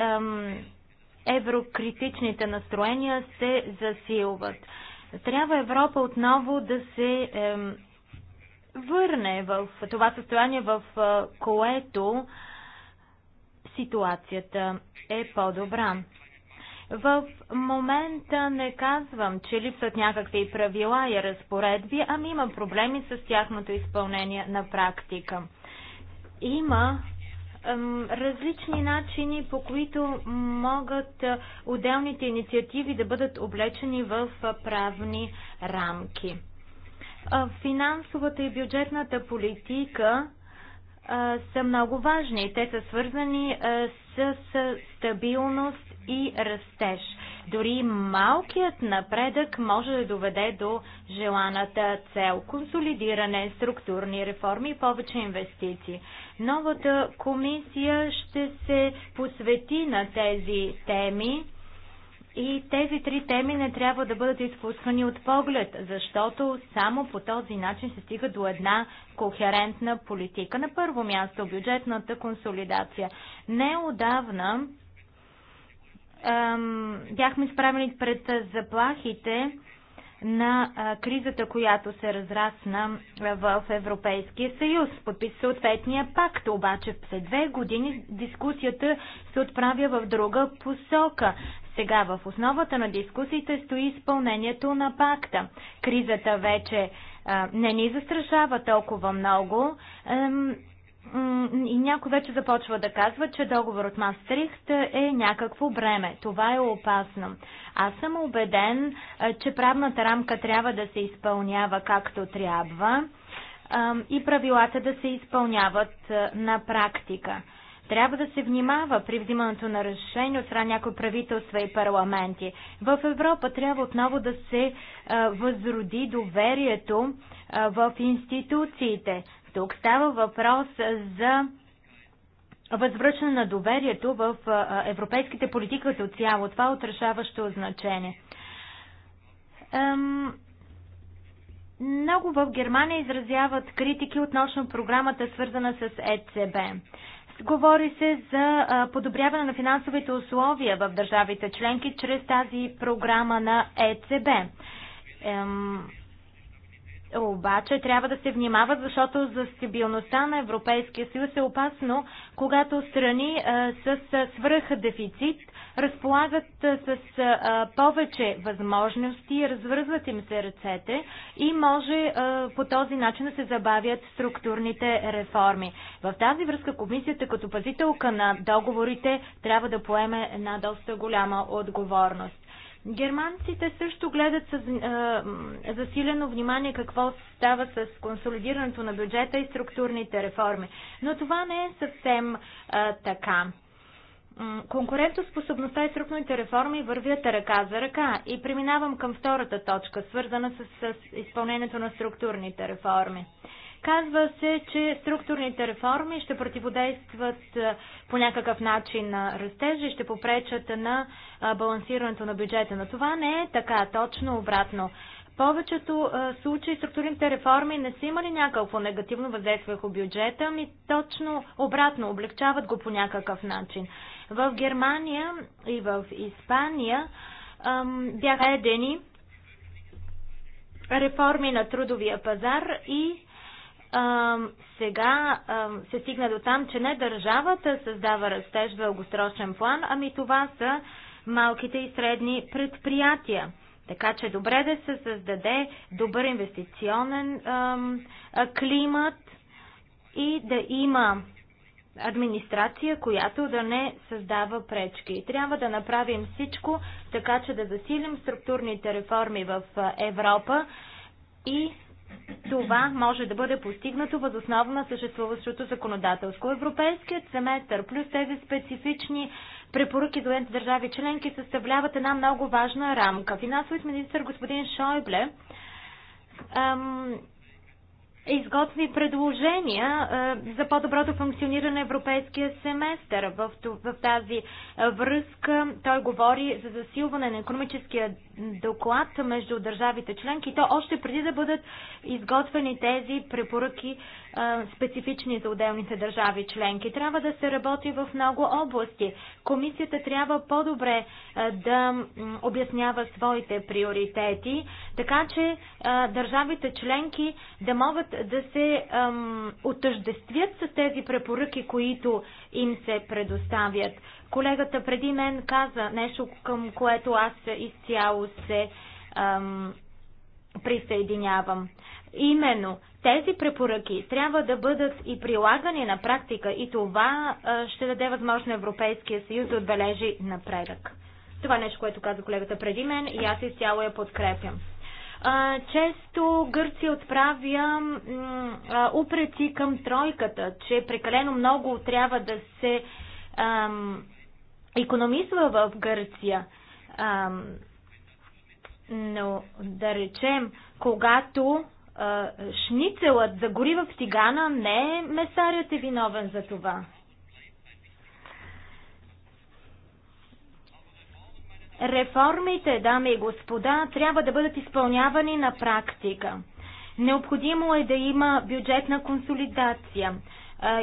еврокритичните настроения се засилват. Трябва Европа отново да се върне в това състояние, в което ситуацията е по-добра. В момента не казвам, че липсват някакви правила и разпоредби, ами има проблеми с тяхното изпълнение на практика. Има различни начини, по които могат отделните инициативи да бъдат облечени в правни рамки. Финансовата и бюджетната политика са много важни. Те са свързани с стабилност и растеж. Дори малкият напредък може да доведе до желаната цел – консолидиране, структурни реформи и повече инвестиции. Новата комисия ще се посвети на тези теми. И тези три теми не трябва да бъдат изпускани от поглед, защото само по този начин се стига до една кохерентна политика. На първо място бюджетната консолидация. Неодавна бяхме изправени пред заплахите на кризата, която се разрасна в Европейския съюз. Подписа съответния пакт, обаче след две години дискусията се отправя в друга посока. Сега в основата на дискусиите стои изпълнението на пакта. Кризата вече не ни застрашава толкова много и някой вече започва да казва, че договор от Мастрихт е някакво бреме. Това е опасно. Аз съм убеден, че правната рамка трябва да се изпълнява както трябва и правилата да се изпълняват на практика. Трябва да се внимава при взимането на решение от страна някои правителства и парламенти. В Европа трябва отново да се възроди доверието в институциите. Тук става въпрос за възвръщане на доверието в европейските политики като цяло. Това е отрешаващо значение. Ем, много в Германия изразяват критики относно програмата, свързана с ЕЦБ. Говори се за подобряване на финансовите условия в държавите членки чрез тази програма на ЕЦБ. Ем, обаче трябва да се внимават, защото за стабилността на Европейския съюз е опасно, когато страни а, с дефицит разполагат с а, повече възможности, развързват им се ръцете и може по този начин да се забавят структурните реформи. В тази връзка комисията като пазителка на договорите трябва да поеме една доста голяма отговорност. Германците също гледат с засилено внимание какво става с консолидирането на бюджета и структурните реформи. Но това не е съвсем а, така. Конкурентоспособността и структурните реформи вървят ръка за ръка. И преминавам към втората точка, свързана с, с изпълнението на структурните реформи. Казва се, че структурните реформи ще противодействат е, по някакъв начин на растежа и ще попречат на е, балансирането на бюджета. Но това не е така, точно обратно. В повечето е, случаи структурните реформи не са имали някакво негативно въздействие върху бюджета, ми точно обратно, облегчават го по някакъв начин. В Германия и в Испания бяха едени реформи на трудовия пазар и а, сега а, се стигна до там, че не държавата създава растеж в дългосрочен план, ами това са малките и средни предприятия. Така че добре да се създаде добър инвестиционен а, климат и да има администрация, която да не създава пречки. Трябва да направим всичко, така че да засилим структурните реформи в Европа и това може да бъде постигнато въз основа на съществуващото законодателство. Европейският семестър плюс тези специфични препоръки за държави членки съставляват една много важна рамка. Финансовият министр господин Шойбле изготви предложения за по-доброто функциониране на европейския семестър. В, в тази връзка той говори за засилване на економическия доклад между държавите членки, то още преди да бъдат изготвени тези препоръки специфични за отделните държави членки. Трябва да се работи в много области. Комисията трябва по-добре да обяснява своите приоритети, така че държавите членки да могат да се отъждествят с тези препоръки, които им се предоставят. Колегата преди мен каза нещо, към което аз изцяло се присъединявам. Именно тези препоръки трябва да бъдат и прилагани на практика и това ще даде възможно Европейския съюз да отбележи напредък. Това е нещо, което каза колегата преди мен и аз изцяло я подкрепям. Често Гърция отправя упреци към тройката, че прекалено много трябва да се економисва в Гърция. Но да речем, когато а, шницелът загори в тигана, не е месарят е виновен за това. Реформите, дами и господа, трябва да бъдат изпълнявани на практика. Необходимо е да има бюджетна консолидация,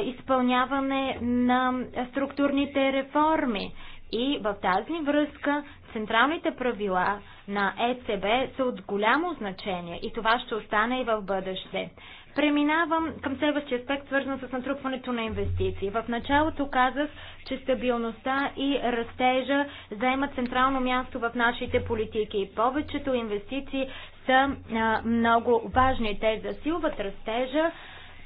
изпълняване на структурните реформи и в тази връзка централните правила на ЕЦБ са от голямо значение и това ще остане и в бъдеще. Преминавам към следващия аспект, свързан с натрупването на инвестиции. В началото казах, че стабилността и растежа заемат централно място в нашите политики. Повечето инвестиции са а, много важни. Те засилват растежа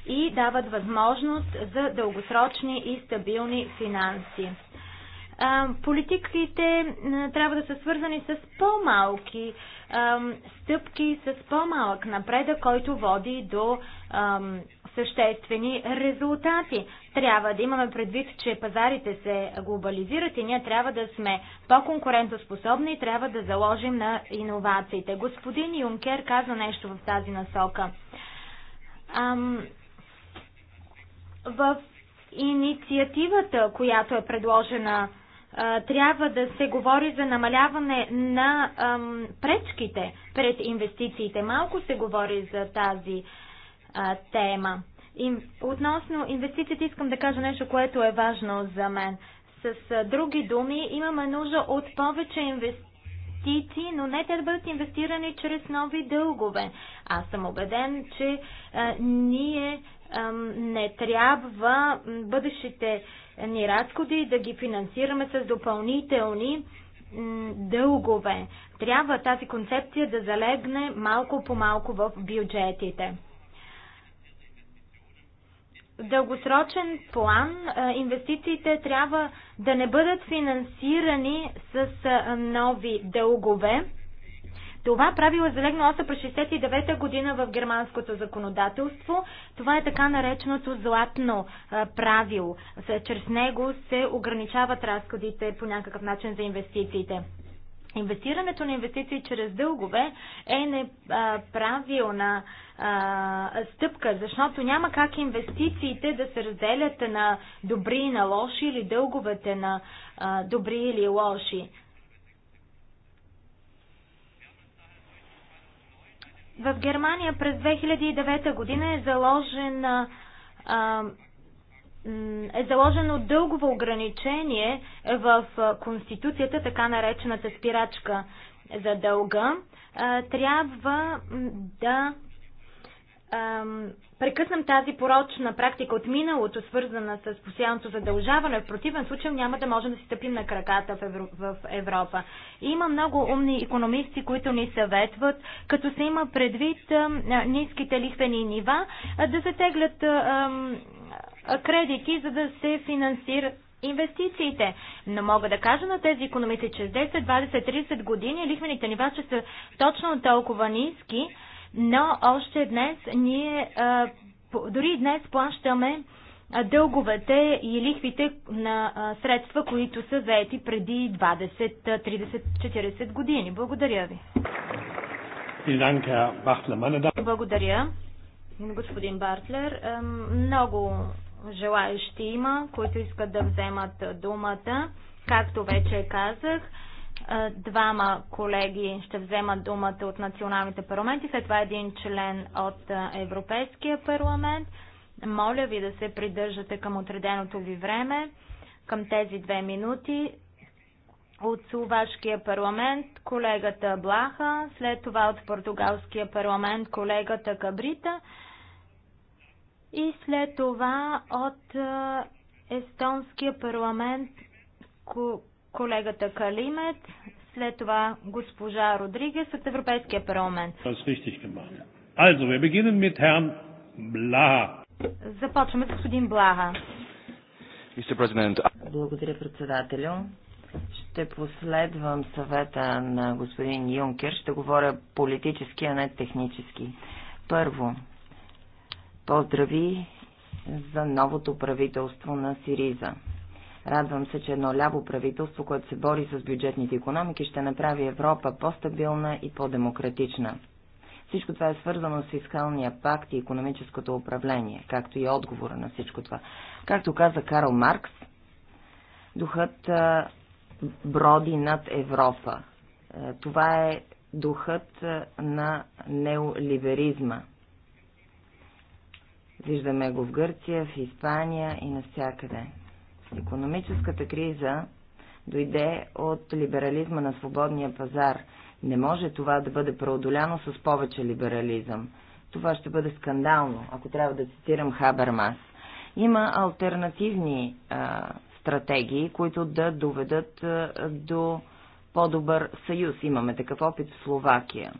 и дават възможност за дългосрочни и стабилни финанси политиките трябва да са свързани с по-малки стъпки, с по-малък напредък, който води до съществени резултати. Трябва да имаме предвид, че пазарите се глобализират и ние трябва да сме по-конкурентоспособни и трябва да заложим на иновациите. Господин Юнкер каза нещо в тази насока. Ам, в инициативата, която е предложена трябва да се говори за намаляване на пречките пред инвестициите. Малко се говори за тази тема. относно инвестициите искам да кажа нещо, което е важно за мен. С други думи, имаме нужда от повече инвестиции, но не те да бъдат инвестирани чрез нови дългове. Аз съм убеден, че а, ние не трябва бъдещите ни разходи да ги финансираме с допълнителни дългове. Трябва тази концепция да залегне малко по малко в бюджетите. В дългосрочен план инвестициите трябва да не бъдат финансирани с нови дългове, това правило е залегнало още през 69-та година в германското законодателство. Това е така нареченото златно правило. Чрез него се ограничават разходите по някакъв начин за инвестициите. Инвестирането на инвестиции чрез дългове е неправилна стъпка, защото няма как инвестициите да се разделят на добри и на лоши или дълговете на добри или лоши. В Германия през 2009 година е а, е заложено дългово ограничение в Конституцията, така наречената спирачка за дълга. Трябва да прекъснем тази порочна практика от миналото, свързана с постоянното задължаване, в противен случай няма да можем да си стъпим на краката в Европа. Има много умни економисти, които ни съветват, като се има предвид ниските лихвени нива, да затеглят кредити, за да се финансират инвестициите. Но мога да кажа на тези економисти, че с 10, 20, 30 години лихвените нива ще са точно толкова ниски, но още днес ние, дори днес плащаме дълговете и лихвите на средства, които са заети преди 20, 30, 40 години. Благодаря ви. Благодаря, господин Бартлер. Много желаящи има, които искат да вземат думата. Както вече казах, е, двама колеги ще вземат думата от националните парламенти, след това един член от е, Европейския парламент. Моля ви да се придържате към отреденото ви време, към тези две минути. От Словашкия парламент колегата Блаха, след това от Португалския парламент колегата Кабрита и след това от е, Естонския парламент колегата Калимет, след това госпожа Родригес от Европейския парламент. Also, wir beginnen mit Herrn Blaha. Започваме с господин Блаха. Благодаря, председателю. Ще последвам съвета на господин Юнкер. Ще говоря политически, а не технически. Първо, поздрави за новото правителство на Сириза. Радвам се, че едно ляво правителство, което се бори с бюджетните економики, ще направи Европа по-стабилна и по-демократична. Всичко това е свързано с фискалния пакт и економическото управление, както и отговора на всичко това. Както каза Карл Маркс, духът броди над Европа. Това е духът на неолиберизма. Виждаме го в Гърция, в Испания и навсякъде. Економическата криза дойде от либерализма на свободния пазар. Не може това да бъде преодоляно с повече либерализъм. Това ще бъде скандално, ако трябва да цитирам Хабермас. Има альтернативни а, стратегии, които да доведат а, до по-добър съюз. Имаме такъв опит в Словакия.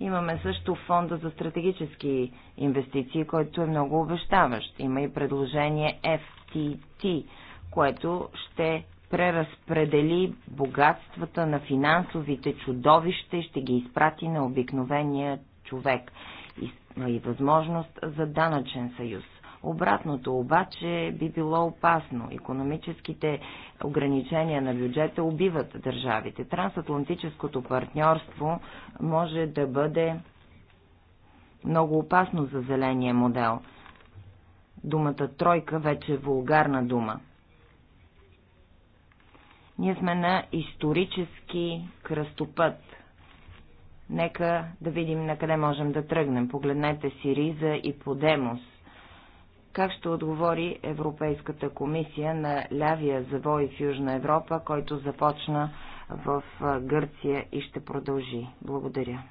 Имаме също фонда за стратегически инвестиции, който е много обещаващ. Има и предложение FTT, което ще преразпредели богатствата на финансовите чудовища и ще ги изпрати на обикновения човек. И, и възможност за данъчен съюз. Обратното обаче би било опасно. Економическите ограничения на бюджета убиват държавите. Трансатлантическото партньорство може да бъде много опасно за зеления модел. Думата тройка вече е вулгарна дума. Ние сме на исторически кръстопът. Нека да видим на къде можем да тръгнем. Погледнете Сириза и Подемос. Как ще отговори Европейската комисия на лявия завой в Южна Европа, който започна в Гърция и ще продължи? Благодаря.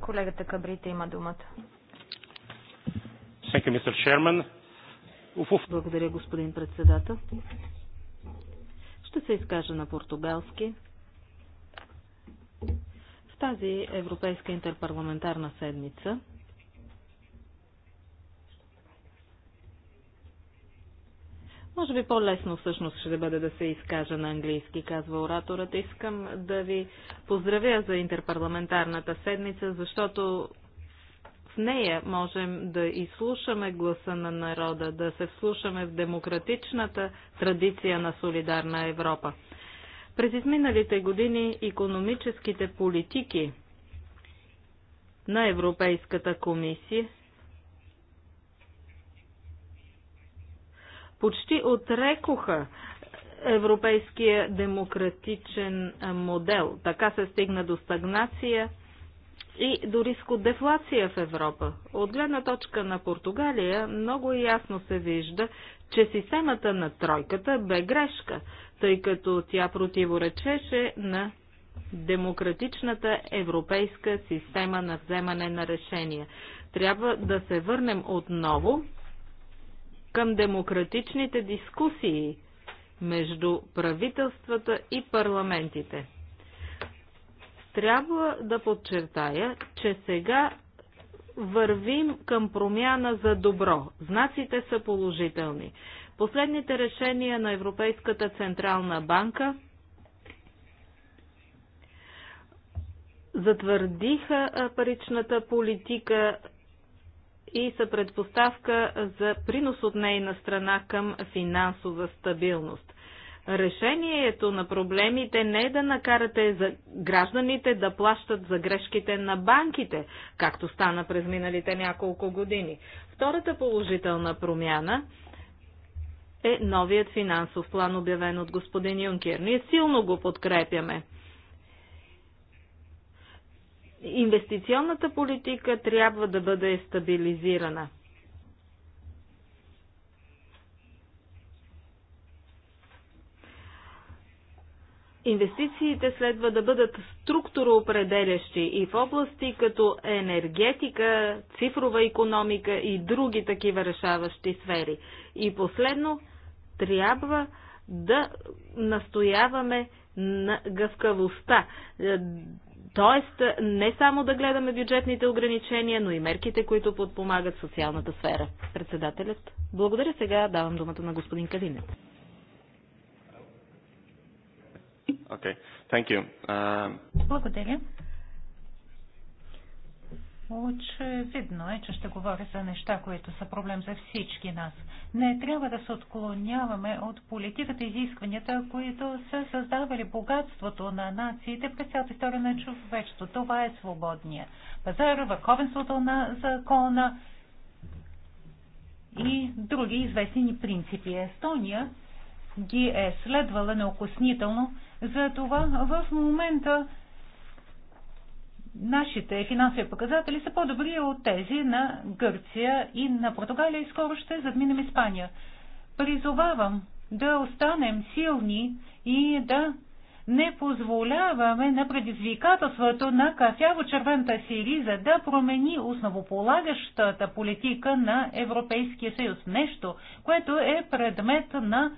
Колегата Кабрите има думата. Thank you, Mr. Chairman. Благодаря, господин председател. Ще се изкажа на португалски. В тази Европейска интерпарламентарна седмица Може би по-лесно всъщност ще бъде да се изкажа на английски, казва ораторът. Искам да ви поздравя за интерпарламентарната седмица, защото нея можем да изслушаме гласа на народа, да се вслушаме в демократичната традиция на солидарна Европа. През изминалите години економическите политики на Европейската комисия почти отрекоха европейския демократичен модел. Така се стигна до стагнация – и до риск от дефлация в Европа. От гледна точка на Португалия много ясно се вижда, че системата на тройката бе грешка, тъй като тя противоречеше на демократичната европейска система на вземане на решения. Трябва да се върнем отново към демократичните дискусии между правителствата и парламентите. Трябва да подчертая, че сега вървим към промяна за добро. Знаците са положителни. Последните решения на Европейската Централна банка затвърдиха паричната политика и са предпоставка за принос от нейна страна към финансова стабилност. Решението на проблемите не е да накарате за гражданите да плащат за грешките на банките, както стана през миналите няколко години. Втората положителна промяна е новият финансов план, обявен от господин Юнкер. Ние силно го подкрепяме. Инвестиционната политика трябва да бъде стабилизирана. Инвестициите следва да бъдат структуроопределящи и в области като енергетика, цифрова економика и други такива решаващи сфери. И последно, трябва да настояваме на гъвкавостта. Тоест, не само да гледаме бюджетните ограничения, но и мерките, които подпомагат социалната сфера. Председателят, благодаря сега, давам думата на господин Калинет. Okay. Thank you. Благодаря. Uh, Благодаря. Очевидно е, че ще говоря за неща, които са проблем за всички нас. Не трябва да се отклоняваме от политиката и изискванията, които са създавали богатството на нациите през цялата история на човечеството. Това е свободния пазар, върховенството на закона и други известни принципи. Естония ги е следвала неокоснително затова в момента нашите финансови показатели са по-добри от тези на Гърция и на Португалия и скоро ще задминем Испания. Призовавам да останем силни и да не позволяваме на предизвикателството на кафяво-червената Сириза да промени основополагащата политика на Европейския съюз. Нещо, което е предмет на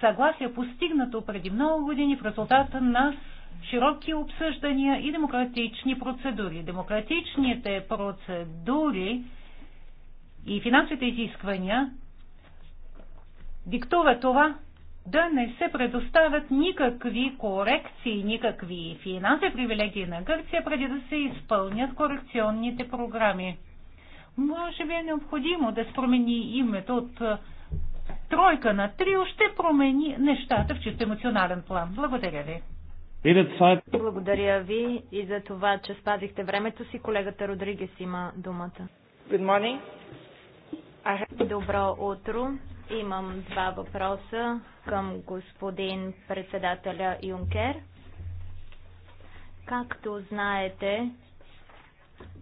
съгласие, постигнато преди много години в резултата на широки обсъждания и демократични процедури. Демократичните процедури и финансовите изисквания диктува това да не се предоставят никакви корекции, никакви финансови привилегии на Гърция, преди да се изпълнят корекционните програми. Може би е необходимо да спромени името от тройка на трио ще промени нещата в чисто емоционален план. Благодаря ви. Благодаря ви и за това, че спазихте времето си. Колегата Родригес има думата. Добро утро. Имам два въпроса към господин председателя Юнкер. Както знаете,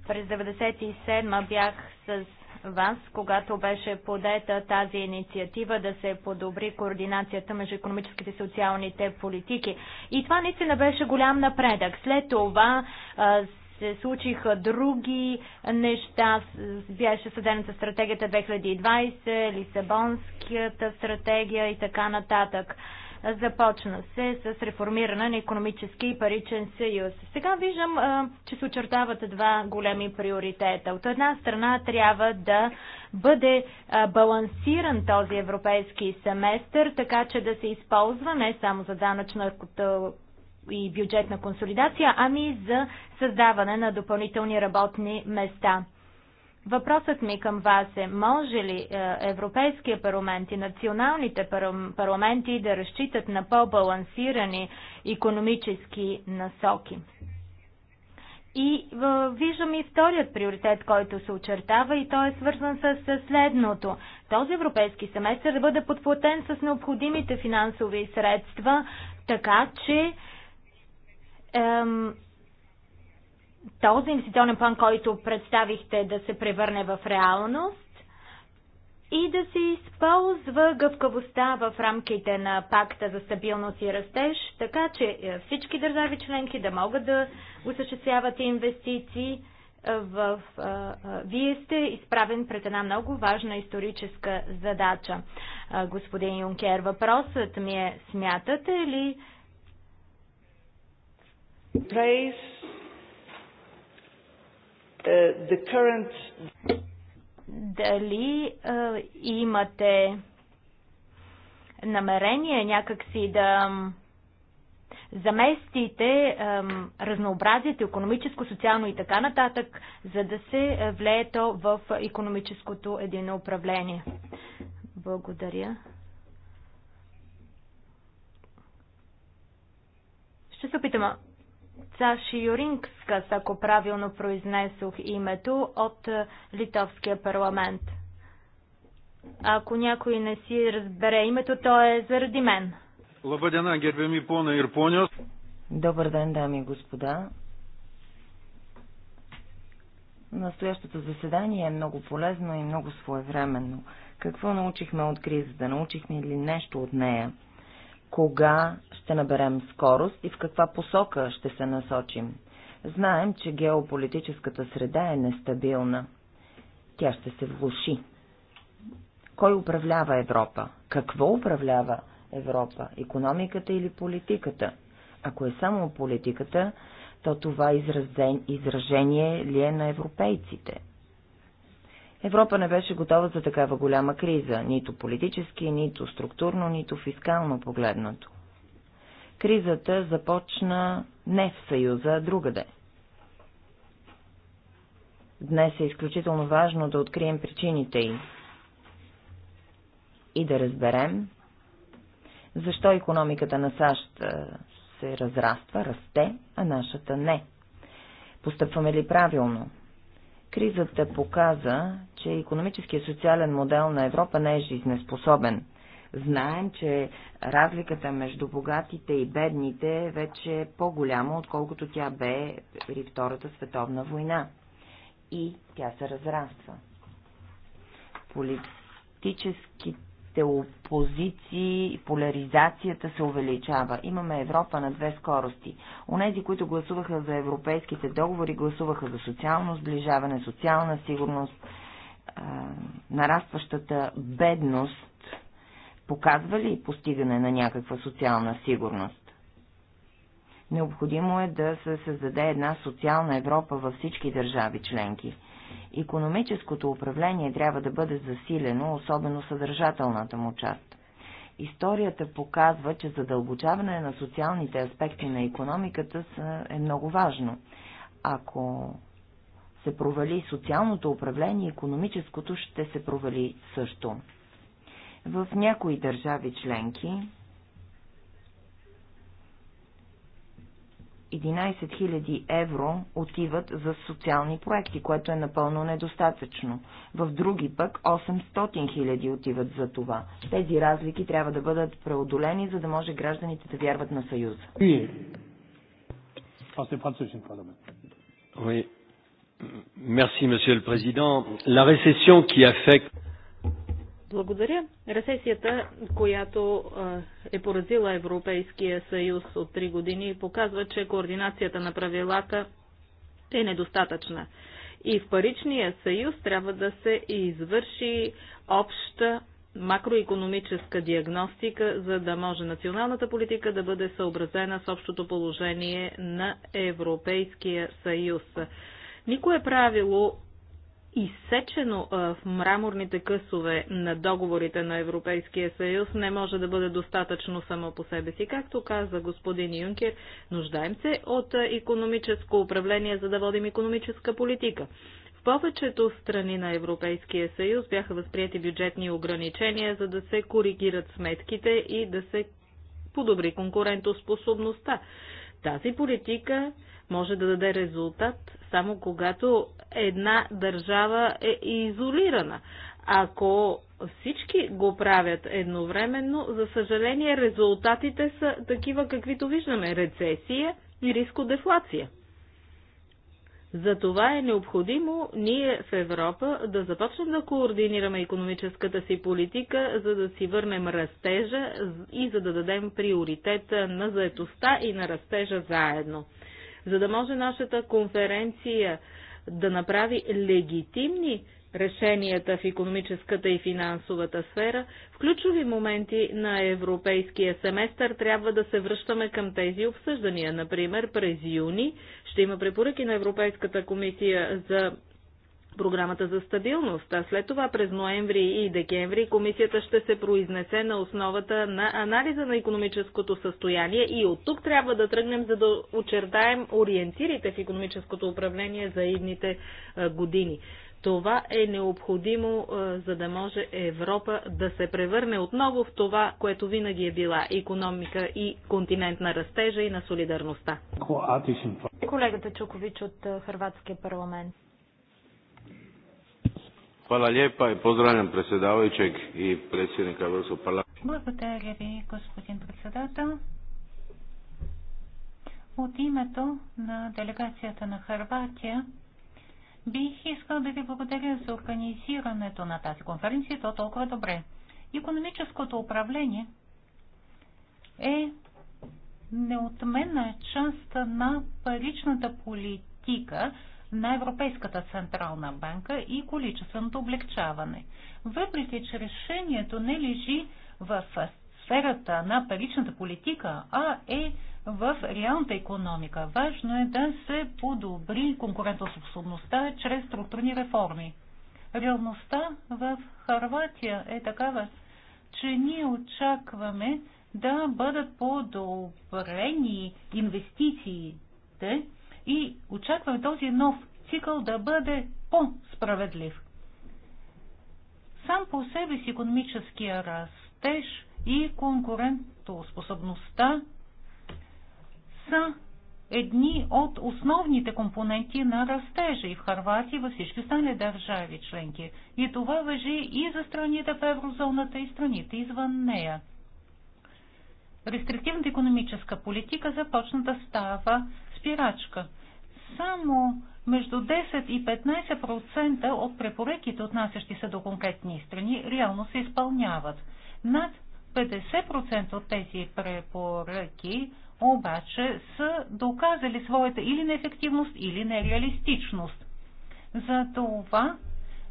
през 1997 бях с вас, когато беше подета тази инициатива да се подобри координацията между економическите и социалните политики. И това наистина беше голям напредък. След това се случиха други неща. Беше съдената стратегията 2020, Лисабонската стратегия и така нататък. Започна се с реформиране на економически и паричен съюз. Сега виждам, че се очертават два големи приоритета. От една страна трябва да бъде балансиран този европейски семестър, така че да се използва не само за данъчна и бюджетна консолидация, ами за създаване на допълнителни работни места. Въпросът ми към вас е, може ли е, Европейския парламент и националните парламенти да разчитат на по-балансирани економически насоки? И е, виждам и вторият приоритет, който се очертава и той е свързан с следното. Този европейски семестър да бъде подплатен с необходимите финансови средства, така че този инвестиционен план, който представихте да се превърне в реалност и да се използва гъвкавостта в рамките на пакта за стабилност и растеж, така че е, всички държави членки да могат да осъществяват инвестиции. Е, в, е, вие сте изправен пред една много важна историческа задача. господин Юнкер, въпросът ми е, смятате ли place Uh, the current... Дали uh, имате намерение някакси да заместите um, разнообразието економическо, социално и така нататък, за да се влее то в економическото едино управление? Благодаря. Ще се опитам Саши Шиоринкска, ако правилно произнесох името, от е, Литовския парламент. Ако някой не си разбере името, то е заради мен. Лаба гербеми пона и Добър ден, дами и господа. Настоящото заседание е много полезно и много своевременно. Какво научихме от кризата? Научихме ли нещо от нея? кога ще наберем скорост и в каква посока ще се насочим. Знаем, че геополитическата среда е нестабилна. Тя ще се влуши. Кой управлява Европа? Какво управлява Европа? Економиката или политиката? Ако е само политиката, то това изразен, изражение ли е на европейците? Европа не беше готова за такава голяма криза, нито политически, нито структурно, нито фискално погледнато. Кризата започна не в Съюза, а другаде. Днес е изключително важно да открием причините й и да разберем, защо економиката на САЩ се разраства, расте, а нашата не. Постъпваме ли правилно? Кризата показа, че економическия социален модел на Европа не е жизнеспособен. Знаем, че разликата между богатите и бедните вече е по-голяма, отколкото тя бе при Втората световна война. И тя се разраства. Политическите политическите опозиции, поляризацията се увеличава. Имаме Европа на две скорости. Онези, които гласуваха за европейските договори, гласуваха за социално сближаване, социална сигурност, нарастващата бедност показва ли постигане на някаква социална сигурност? Необходимо е да се създаде една социална Европа във всички държави членки – Економическото управление трябва да бъде засилено, особено съдържателната му част. Историята показва, че задълбочаване на социалните аспекти на економиката е много важно. Ако се провали социалното управление, економическото ще се провали също. В някои държави членки 11 000 евро отиват за социални проекти, което е напълно недостатъчно. В други пък 800 000 отиват за това. Тези разлики трябва да бъдат преодолени, за да може гражданите да вярват на Съюза. Merci, Monsieur le Président. La récession qui affecte благодаря. Рецесията, която е поразила Европейския съюз от 3 години, показва, че координацията на правилата е недостатъчна. И в паричния съюз трябва да се извърши обща макроекономическа диагностика, за да може националната политика да бъде съобразена с общото положение на Европейския съюз. Никое правило изсечено в мраморните късове на договорите на Европейския съюз не може да бъде достатъчно само по себе си. Както каза господин Юнкер, нуждаем се от економическо управление, за да водим економическа политика. В повечето страни на Европейския съюз бяха възприяти бюджетни ограничения, за да се коригират сметките и да се подобри конкурентоспособността. Тази политика може да даде резултат само когато една държава е изолирана. Ако всички го правят едновременно, за съжаление резултатите са такива, каквито виждаме – рецесия и рискодефлация. Затова е необходимо ние в Европа да започнем да координираме економическата си политика, за да си върнем растежа и за да дадем приоритета на заетостта и на растежа заедно за да може нашата конференция да направи легитимни решенията в економическата и финансовата сфера, в ключови моменти на европейския семестър трябва да се връщаме към тези обсъждания. Например, през юни ще има препоръки на Европейската комисия за програмата за стабилност, а след това през ноември и декември комисията ще се произнесе на основата на анализа на економическото състояние и от тук трябва да тръгнем, за да очертаем ориентирите в економическото управление за идните години. Това е необходимо, за да може Европа да се превърне отново в това, което винаги е била економика и континент на растежа и на солидарността. Колегата Чукович от Хрватския парламент. Hvala lijepa i pozdravljam predsjedavajućeg i predsjednika Europskog parlamenta. Благодаря ви, господин председател. От името на делегацията на Харватия бих искал да ви благодаря за организирането на тази конференция, то толкова добре. Економическото управление е неотменна част на паричната политика, на Европейската централна банка и количественото облегчаване. Въпреки, че решението не лежи в сферата на паричната политика, а е в реалната економика. Важно е да се подобри конкурентоспособността чрез структурни реформи. Реалността в Харватия е такава, че ние очакваме да бъдат подобрени инвестициите и очакваме този нов цикъл да бъде по-справедлив. Сам по себе си економическия растеж и конкурентоспособността са едни от основните компоненти на растежа и в Харватия, и във всички останали държави членки. И това въжи и за страните в еврозоната, и страните извън нея. Рестриктивната економическа политика започна да става спирачка. Само между 10 и 15% от препоръките, отнасящи се до конкретни страни, реално се изпълняват. Над 50% от тези препоръки обаче са доказали своята или неефективност, или нереалистичност. Затова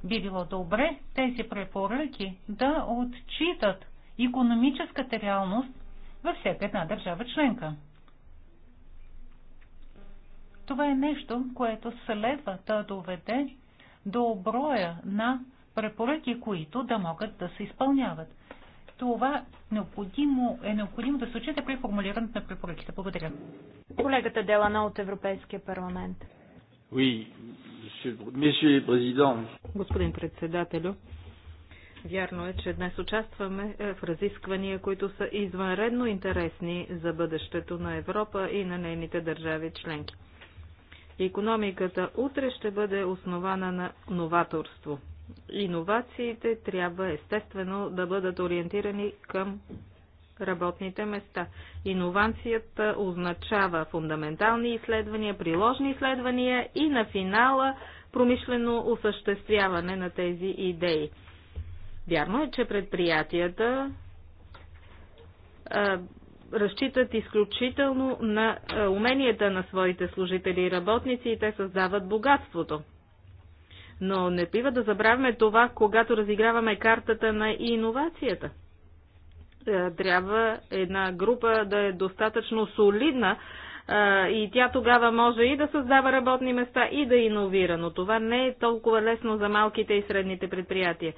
би било добре тези препоръки да отчитат економическата реалност във всяка една държава членка. Това е нещо, което следва да доведе до броя на препоръки, които да могат да се изпълняват. Това необходимо, е необходимо да се учите при формулирането на препоръките. Благодаря. Колегата Делана от Европейския парламент. Oui, monsieur, президент. Господин председателю, Вярно е, че днес участваме е, в разисквания, които са извънредно интересни за бъдещето на Европа и на нейните държави членки. Економиката утре ще бъде основана на новаторство. Иновациите трябва естествено да бъдат ориентирани към работните места. Иновацията означава фундаментални изследвания, приложни изследвания и на финала промишлено осъществяване на тези идеи. Вярно е, че предприятията разчитат изключително на е, уменията на своите служители и работници и те създават богатството. Но не бива да забравяме това, когато разиграваме картата на иновацията. Е, трябва една група да е достатъчно солидна е, и тя тогава може и да създава работни места и да иновира, но това не е толкова лесно за малките и средните предприятия.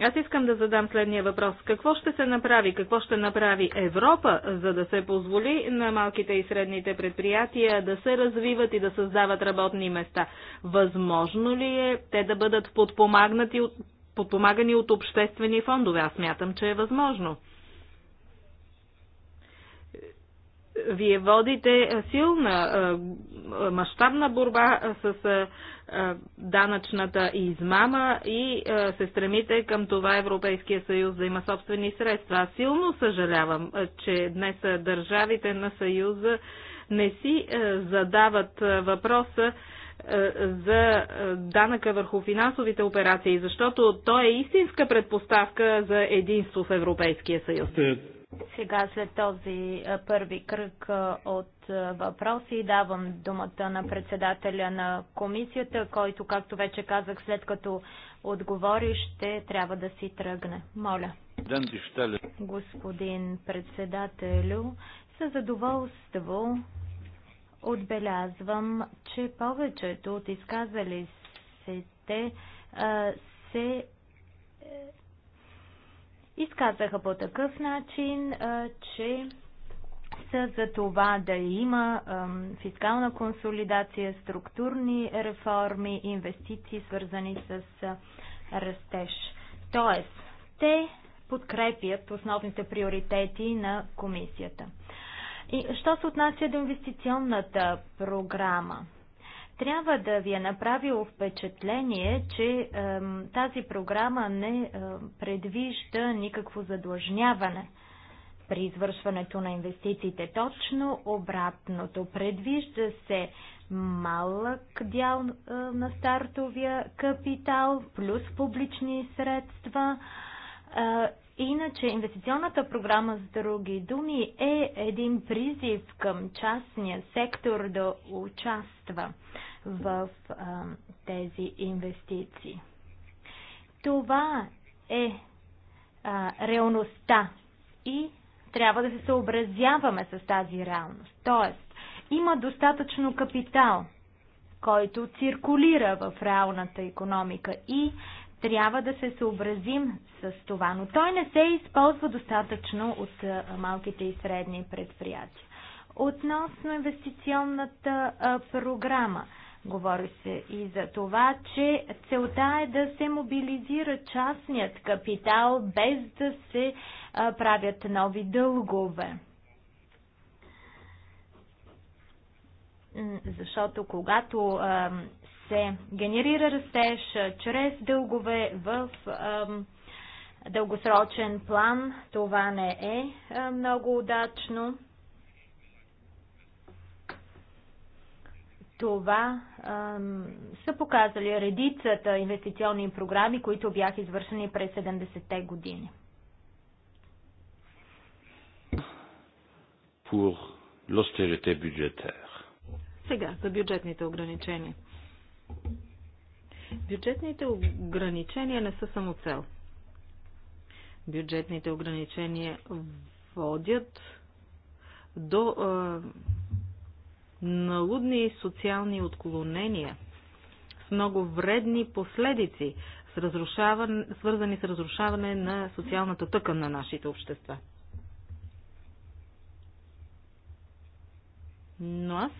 Аз искам да задам следния въпрос. Какво ще се направи? Какво ще направи Европа, за да се позволи на малките и средните предприятия да се развиват и да създават работни места? Възможно ли е те да бъдат подпомагнати от подпомагани от обществени фондове. Аз мятам, че е възможно. Вие водите силна, мащабна борба с данъчната измама и се стремите към това Европейския съюз да има собствени средства. Аз силно съжалявам, че днес държавите на съюза не си задават въпроса за данъка върху финансовите операции, защото той е истинска предпоставка за единство в Европейския съюз. Сега след този първи кръг от въпроси давам думата на председателя на комисията, който, както вече казах, след като отговори, ще трябва да си тръгне. Моля. Господин председателю, със задоволство отбелязвам, че повечето от изказали се те се изказаха по такъв начин, че са за това да има фискална консолидация, структурни реформи, инвестиции, свързани с растеж. Тоест, те подкрепят основните приоритети на комисията. И що се отнася до инвестиционната програма? трябва да ви е направило впечатление, че е, тази програма не е, предвижда никакво задлъжняване при извършването на инвестициите. Точно обратното. Предвижда се малък дял е, на стартовия капитал плюс публични средства. Е, Иначе инвестиционната програма, с други думи, е един призив към частния сектор да участва в а, тези инвестиции. Това е а, реалността и трябва да се съобразяваме с тази реалност. Тоест, има достатъчно капитал, който циркулира в реалната економика и трябва да се съобразим с това, но той не се използва достатъчно от малките и средни предприятия. Относно инвестиционната програма, Говори се и за това, че целта е да се мобилизира частният капитал, без да се а, правят нови дългове. Защото когато а, се генерира растеж чрез дългове в а, дългосрочен план, това не е много удачно. това са показали редицата инвестиционни програми, които бяха извършени през 70-те години. Pour l'austérité Сега, за бюджетните ограничения. Бюджетните ограничения не са само цел. Бюджетните ограничения водят до а, налудни социални отклонения с много вредни последици, с свързани с разрушаване на социалната тъкан на нашите общества. Но аз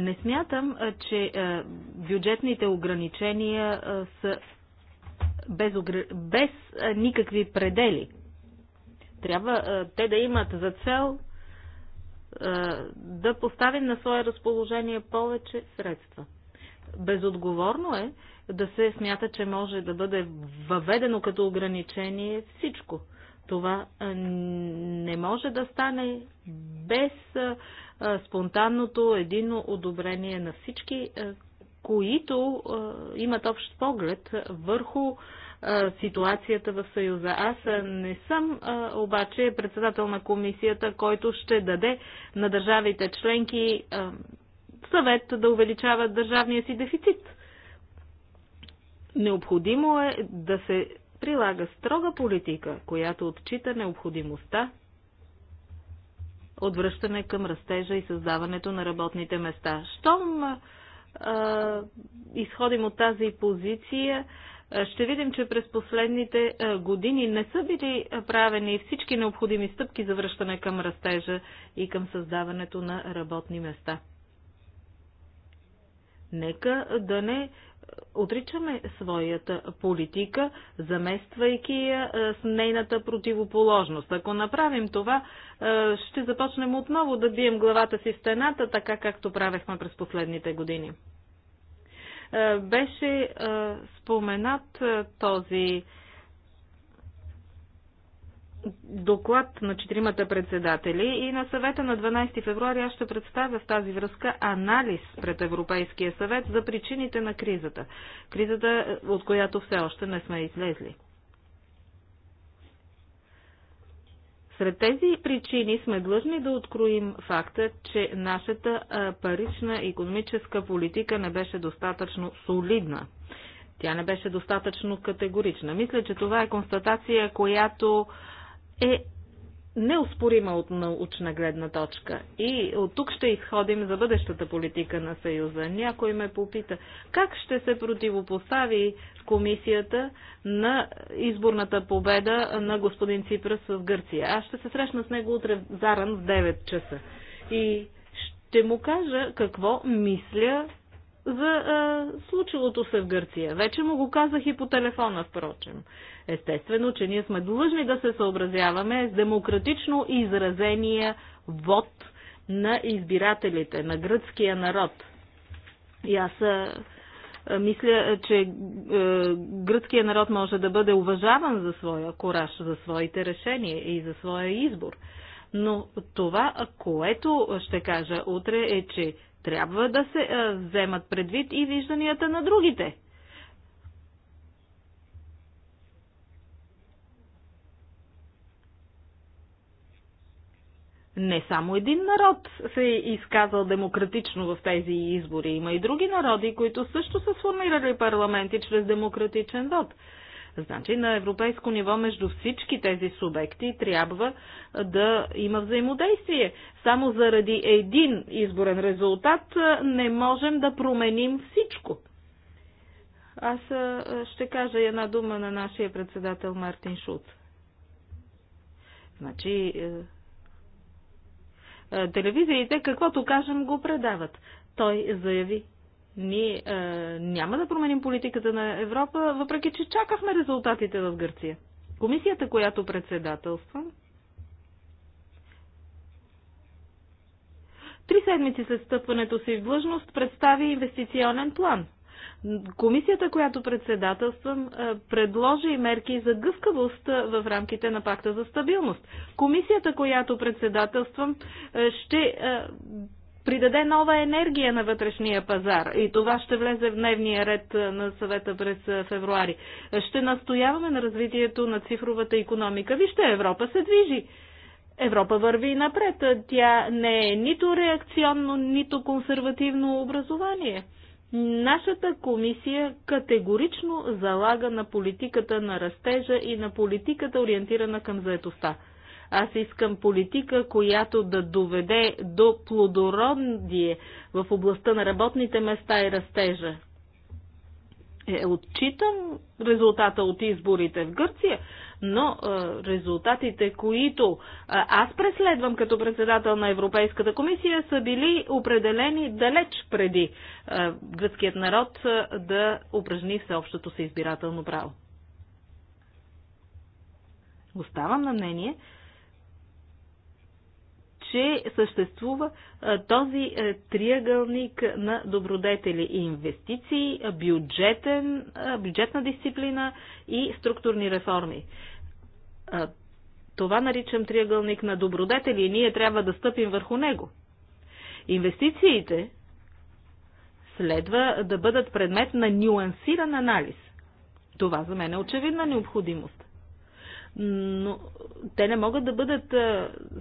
Не смятам, че бюджетните ограничения са без, без никакви предели. Трябва те да имат за цел да поставим на свое разположение повече средства. Безотговорно е да се смята, че може да бъде въведено като ограничение всичко. Това не може да стане без спонтанното едино одобрение на всички които имат общ поглед върху ситуацията в Съюза. Аз не съм обаче председател на комисията, който ще даде на държавите членки съвет да увеличават държавния си дефицит. Необходимо е да се прилага строга политика, която отчита необходимостта от връщане към растежа и създаването на работните места. Щом изходим от тази позиция, ще видим, че през последните години не са били правени всички необходими стъпки за връщане към растежа и към създаването на работни места. Нека да не отричаме своята политика, замествайки я с нейната противоположност. Ако направим това, ще започнем отново да бием главата си в стената, така както правехме през последните години. Беше споменат този доклад на четиримата председатели и на съвета на 12 февруари аз ще представя в тази връзка анализ пред Европейския съвет за причините на кризата. Кризата, от която все още не сме излезли. Сред тези причини сме длъжни да откроим факта, че нашата парична економическа политика не беше достатъчно солидна. Тя не беше достатъчно категорична. Мисля, че това е констатация, която е неоспорима от научна гледна точка. И от тук ще изходим за бъдещата политика на Съюза. Някой ме попита, как ще се противопостави комисията на изборната победа на господин Ципрас в Гърция. Аз ще се срещна с него утре в Заран в 9 часа. И ще му кажа какво мисля за а, случилото се в Гърция. Вече му го казах и по телефона, впрочем. Естествено, че ние сме длъжни да се съобразяваме с демократично изразения вод на избирателите, на гръцкия народ. И аз мисля, че гръцкия народ може да бъде уважаван за своя кораж, за своите решения и за своя избор. Но това, което ще кажа утре е, че трябва да се вземат предвид и вижданията на другите. не само един народ се е изказал демократично в тези избори. Има и други народи, които също са сформирали парламенти чрез демократичен вод. Значи на европейско ниво между всички тези субекти трябва да има взаимодействие. Само заради един изборен резултат не можем да променим всичко. Аз ще кажа една дума на нашия председател Мартин Шут. Значи е, телевизиите, каквото кажем, го предават. Той заяви. Ние е, няма да променим политиката на Европа, въпреки че чакахме резултатите в Гърция. Комисията, която председателства, три седмици след стъпването си в длъжност представи инвестиционен план – Комисията, която председателствам, е, предложи мерки за гъвкавост е, в рамките на пакта за стабилност. Комисията, която председателствам, е, ще придаде нова енергия на вътрешния пазар и това ще влезе в дневния ред на съвета през февруари. Ще настояваме на развитието на цифровата економика. Вижте, Европа се движи. Европа върви напред. Тя не е нито реакционно, нито консервативно образование. Нашата комисия категорично залага на политиката на растежа и на политиката ориентирана към заетостта. Аз искам политика, която да доведе до плодородие в областта на работните места и растежа. Е, отчитам резултата от изборите в Гърция, но е, резултатите, които е, аз преследвам като председател на Европейската комисия, са били определени далеч преди е, гръцкият народ да упражни всеобщото си избирателно право. Оставам на мнение, че съществува този е, триъгълник на добродетели и инвестиции, бюджетен, бюджетна дисциплина и структурни реформи. Това наричам триъгълник на добродетели и ние трябва да стъпим върху него. Инвестициите следва да бъдат предмет на нюансиран анализ. Това за мен е очевидна необходимост но те не могат да бъдат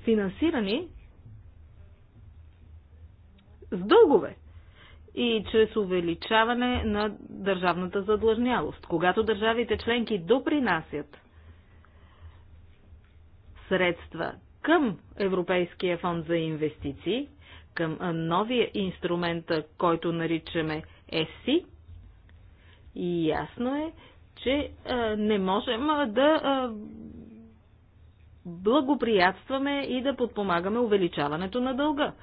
финансирани с дългове и чрез увеличаване на държавната задлъжнялост. Когато държавите членки допринасят средства към Европейския фонд за инвестиции, към новия инструмент, който наричаме ЕСИ, и ясно е, че не можем да благоприятстваме и да подпомагаме увеличаването на дълга.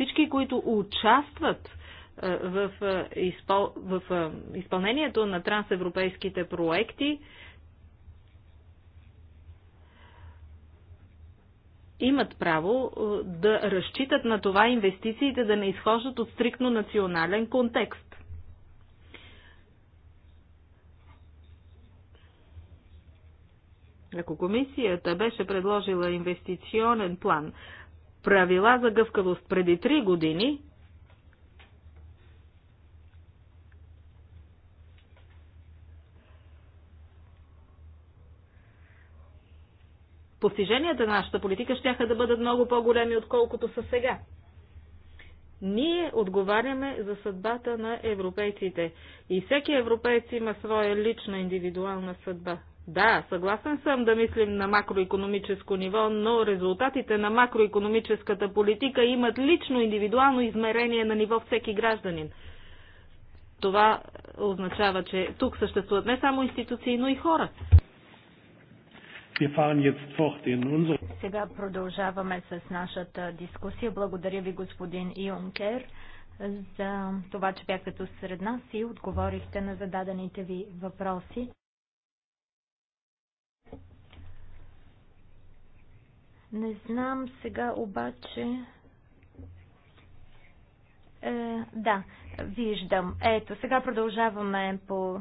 Всички, които участват е, в, е, изпъл... в е, изпълнението на трансевропейските проекти, имат право да разчитат на това инвестициите да не изхождат от стриктно национален контекст. Ако комисията беше предложила инвестиционен план правила за гъвкавост преди 3 години, постиженията на нашата политика ще да бъдат много по-големи, отколкото са сега. Ние отговаряме за съдбата на европейците. И всеки европейц има своя лична индивидуална съдба. Да, съгласен съм да мислим на макроекономическо ниво, но резултатите на макроекономическата политика имат лично индивидуално измерение на ниво всеки гражданин. Това означава, че тук съществуват не само институции, но и хора. Сега продължаваме с нашата дискусия. Благодаря ви, господин Юнкер, за това, че бяхте сред нас и отговорихте на зададените ви въпроси. Не знам сега обаче. Е, да, виждам. Ето, сега продължаваме по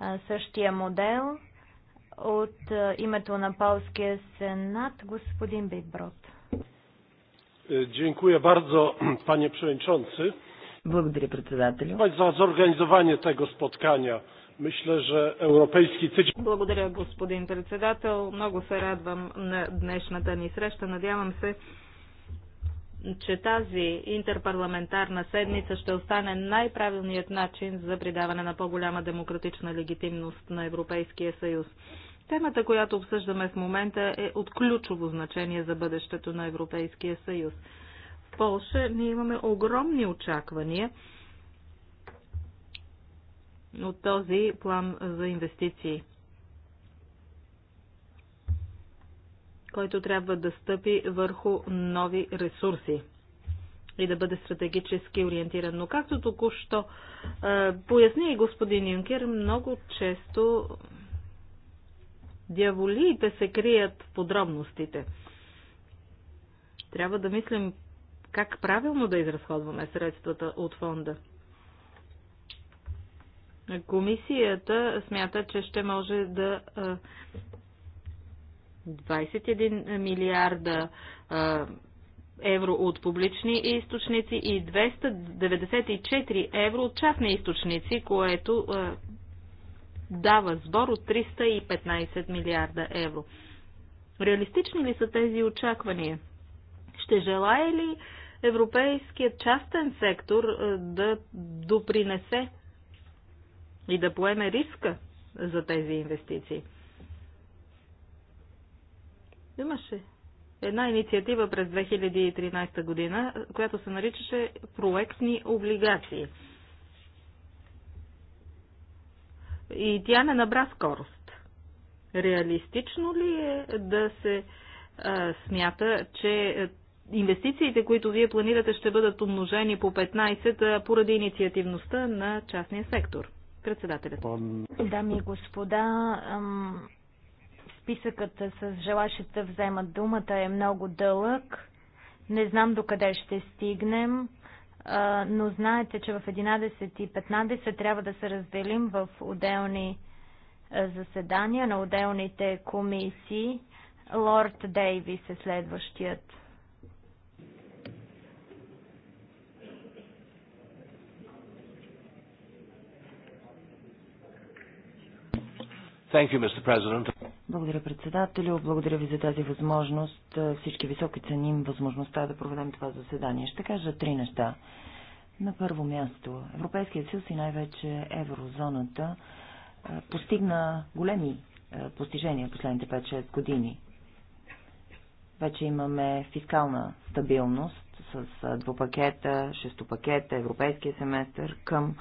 а, е, същия модел от а, е, името на Полския сенат, господин Бейброд. Е, дякую bardzo, пане председател. Благодаря, председателю. За организование tego spotkania. Мисля, че Европейски Благодаря, господин председател. Много се радвам на днешната ни среща. Надявам се, че тази интерпарламентарна седмица ще остане най-правилният начин за придаване на по-голяма демократична легитимност на Европейския съюз. Темата, която обсъждаме в момента е от ключово значение за бъдещето на Европейския съюз. В Польша ние имаме огромни очаквания – от този план за инвестиции, който трябва да стъпи върху нови ресурси и да бъде стратегически ориентиран. Но както току-що е, поясни и господин Юнкер, много често дяволиите се крият в подробностите. Трябва да мислим как правилно да изразходваме средствата от фонда. Комисията смята, че ще може да 21 милиарда евро от публични източници и 294 евро от частни източници, което дава сбор от 315 милиарда евро. Реалистични ли са тези очаквания? Ще желая ли европейският частен сектор да допринесе и да поеме риска за тези инвестиции. Имаше една инициатива през 2013 година, която се наричаше проектни облигации. И тя не набра скорост. Реалистично ли е да се а, смята, че инвестициите, които вие планирате, ще бъдат умножени по 15 поради инициативността на частния сектор? Председателят. Дами и господа, списъкът с желащите да вземат думата е много дълъг. Не знам до къде ще стигнем, но знаете, че в 11 и 15 трябва да се разделим в отделни заседания на отделните комисии. Лорд Дейвис е следващият. благодаря, председателю. Благодаря ви за тази възможност. Всички високи ценим възможността да проведем това заседание. Ще кажа три неща. На първо място, Европейският съюз и най-вече еврозоната постигна големи постижения последните 5-6 години. Вече имаме фискална стабилност с двупакета, шестопакета, европейския семестър към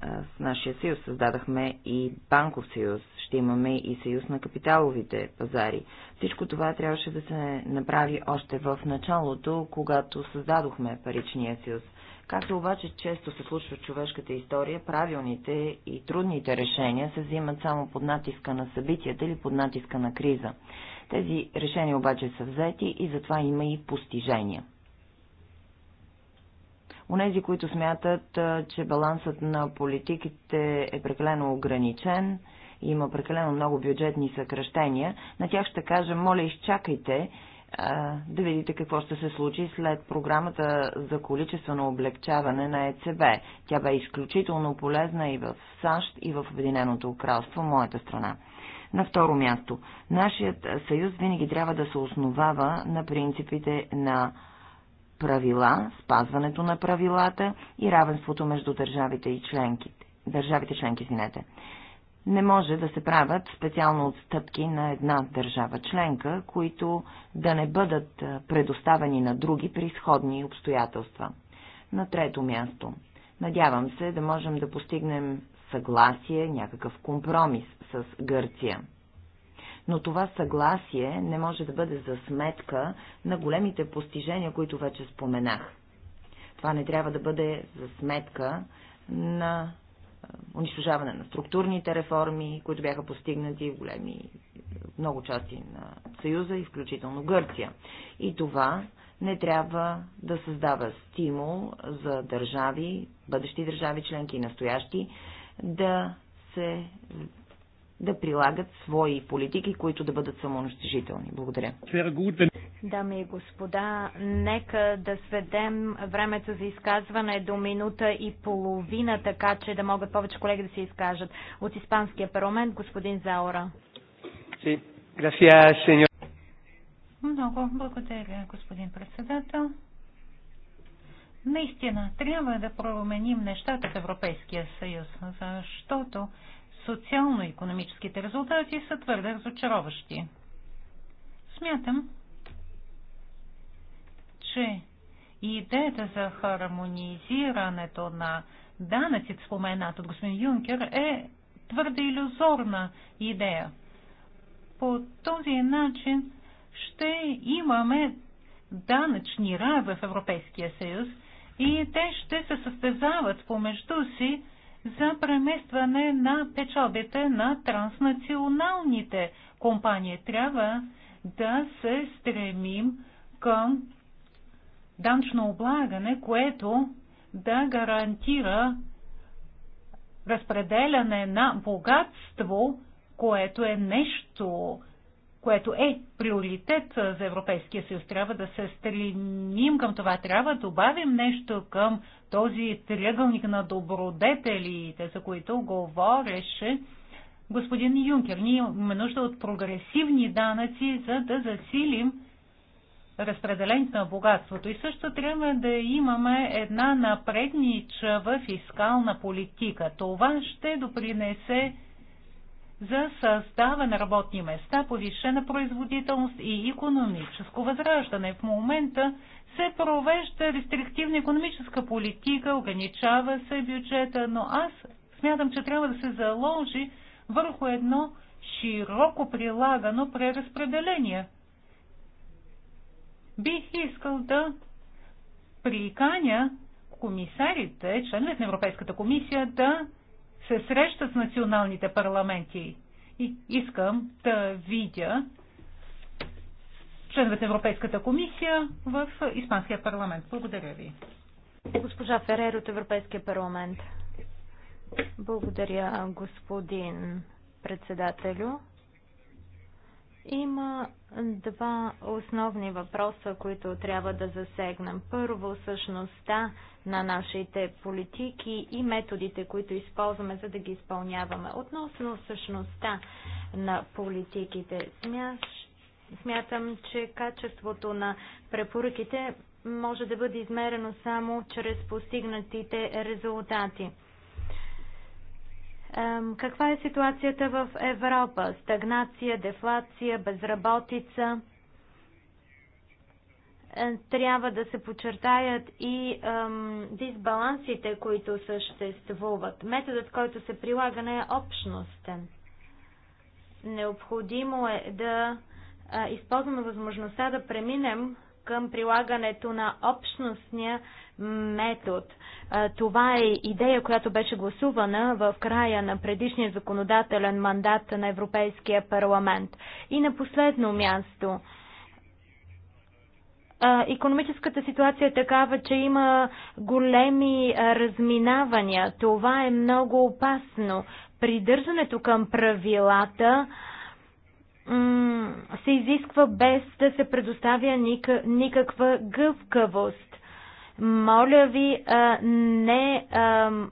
с нашия съюз. Създадахме и банков съюз, ще имаме и съюз на капиталовите пазари. Всичко това трябваше да се направи още в началото, когато създадохме паричния съюз. Както обаче често се случва в човешката история, правилните и трудните решения се взимат само под натиска на събитията или под натиска на криза. Тези решения обаче са взети и затова има и постижения. Онези, които смятат, че балансът на политиките е прекалено ограничен, има прекалено много бюджетни съкръщения, на тях ще кажа, моля, изчакайте да видите какво ще се случи след програмата за количествено облегчаване на ЕЦБ. Тя бе изключително полезна и в САЩ, и в Обединеното кралство, моята страна. На второ място, нашият съюз винаги трябва да се основава на принципите на правила, спазването на правилата и равенството между държавите и членките. Държавите членки, извинете. Не може да се правят специално отстъпки на една държава членка, които да не бъдат предоставени на други при сходни обстоятелства. На трето място. Надявам се да можем да постигнем съгласие, някакъв компромис с Гърция – но това съгласие не може да бъде за сметка на големите постижения, които вече споменах. Това не трябва да бъде за сметка на е, унищожаване на структурните реформи, които бяха постигнати в големи, много части на Съюза и включително Гърция. И това не трябва да създава стимул за държави, бъдещи държави членки и настоящи, да се да прилагат свои политики, които да бъдат самоунищожителни. Благодаря. Дами и господа, нека да сведем времето за изказване до минута и половина, така че да могат повече колеги да се изкажат. От Испанския парламент, господин Заура. Много благодаря, господин председател. Наистина, трябва да променим нещата в Европейския съюз, защото социално-економическите резултати са твърде разочароващи. Смятам, че идеята за хармонизирането на данъците, споменат от господин Юнкер, е твърде иллюзорна идея. По този начин ще имаме данъчни рай в Европейския съюз и те ще се състезават помежду си за преместване на печалбите на транснационалните компании. Трябва да се стремим към данчно облагане, което да гарантира разпределяне на богатство, което е нещо, което е приоритет за Европейския съюз. Трябва да се стремим към това. Трябва да добавим нещо към този триъгълник на добродетелите, за които говореше господин Юнкер. Ние имаме нужда от прогресивни данъци, за да засилим разпределението на богатството. И също трябва да имаме една напредничава фискална политика. Това ще допринесе за създаване на работни места, повишена производителност и економическо възраждане. В момента се провежда рестриктивна економическа политика, ограничава се бюджета, но аз смятам, че трябва да се заложи върху едно широко прилагано преразпределение. Бих искал да приканя комисарите, членовете на Европейската комисия, да се срещат с националните парламенти. И искам да видя членовете на Европейската комисия в Испанския парламент. Благодаря ви. Госпожа Ферер от Европейския парламент. Благодаря, господин председателю. Има два основни въпроса, които трябва да засегнем. Първо, същността на нашите политики и методите, които използваме, за да ги изпълняваме. Относно същността на политиките, смяш Смятам, че качеството на препоръките може да бъде измерено само чрез постигнатите резултати. Каква е ситуацията в Европа? Стагнация, дефлация, безработица? Е, трябва да се почертаят и ем, дисбалансите, които съществуват. Методът, който се прилага, не е общностен. Необходимо е да използваме възможността да преминем към прилагането на общностния метод. Това е идея, която беше гласувана в края на предишния законодателен мандат на Европейския парламент. И на последно място. Економическата ситуация е такава, че има големи разминавания. Това е много опасно. Придържането към правилата се изисква без да се предоставя никаква гъвкавост. Моля ви, не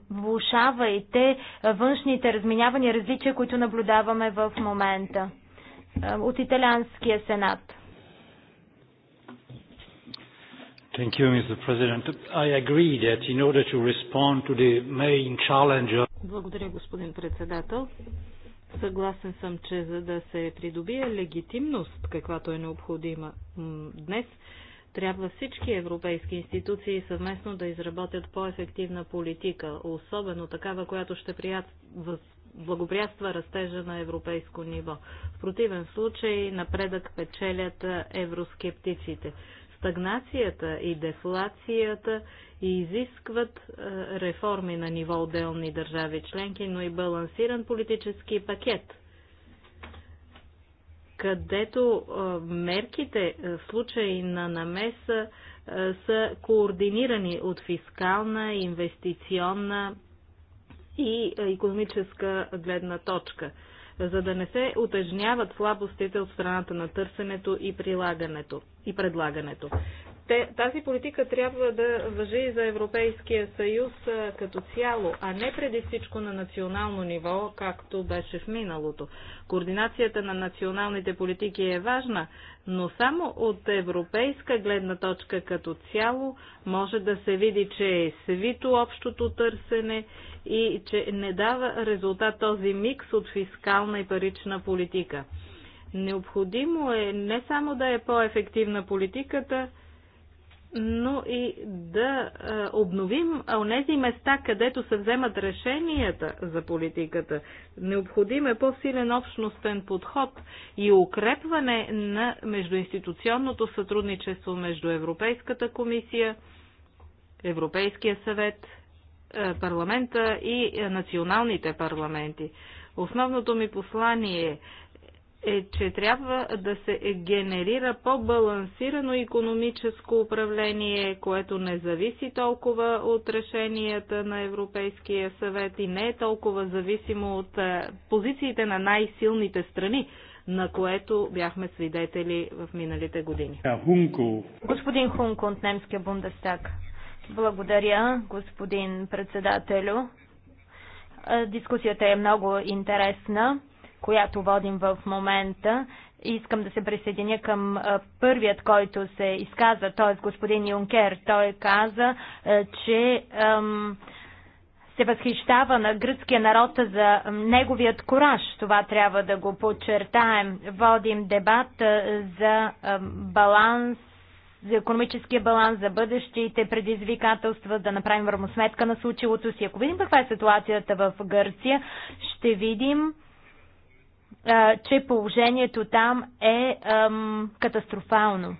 влушавайте външните разминявания, различия, които наблюдаваме в момента от Италианския сенат. Thank you, Mr. President. I agree that in order to respond to the main challenge Благодаря, господин председател. Съгласен съм, че за да се придобие легитимност, каквато е необходима днес, трябва всички европейски институции съвместно да изработят по-ефективна политика, особено такава, която ще прият... благоприятства растежа на европейско ниво. В противен случай напредък печелят евроскептиците. Стагнацията и дефлацията и изискват е, реформи на ниво отделни държави членки, но и балансиран политически пакет, където е, мерките е, в случай на намеса са координирани от фискална, инвестиционна и економическа гледна точка, за да не се утежняват слабостите от страната на търсенето и прилагането и предлагането те, тази политика трябва да въжи и за Европейския съюз като цяло, а не преди всичко на национално ниво, както беше в миналото. Координацията на националните политики е важна, но само от европейска гледна точка като цяло може да се види, че е свито общото търсене и че не дава резултат този микс от фискална и парична политика. Необходимо е не само да е по-ефективна политиката, но и да обновим онези места, където се вземат решенията за политиката. Необходим е по-силен общностен подход и укрепване на междуинституционното сътрудничество между Европейската комисия, Европейския съвет, парламента и националните парламенти. Основното ми послание е е, че трябва да се генерира по-балансирано економическо управление, което не зависи толкова от решенията на Европейския съвет и не е толкова зависимо от е, позициите на най-силните страни, на което бяхме свидетели в миналите години. Е, господин Хунко от немския Бундестаг. Благодаря, господин председателю. Е, дискусията е много интересна която водим в момента. Искам да се присъединя към първият, който се изказа, т.е. господин Юнкер. Той каза, че се възхищава на гръцкия народ за неговият кораж. Това трябва да го подчертаем. Водим дебат за баланс за економическия баланс, за бъдещите предизвикателства, да направим равносметка на случилото си. Ако видим каква е ситуацията в Гърция, ще видим, че положението там е ам, катастрофално.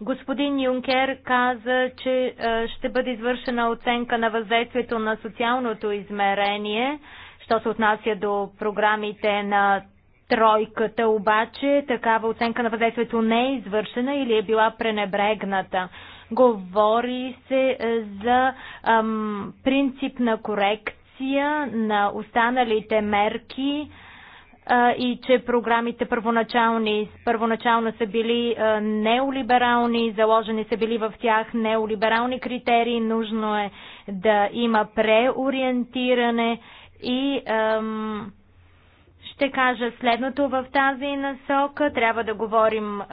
Господин Юнкер каза, че а, ще бъде извършена оценка на въздействието на социалното измерение, що се отнася до програмите на тройката, обаче такава оценка на въздействието не е извършена или е била пренебрегната. Говори се е, за ам, принцип на корекция на останалите мерки, и че програмите първоначални, първоначално са били неолиберални, заложени са били в тях неолиберални критерии, нужно е да има преориентиране и ем, ще кажа следното в тази насока. Трябва да говорим е,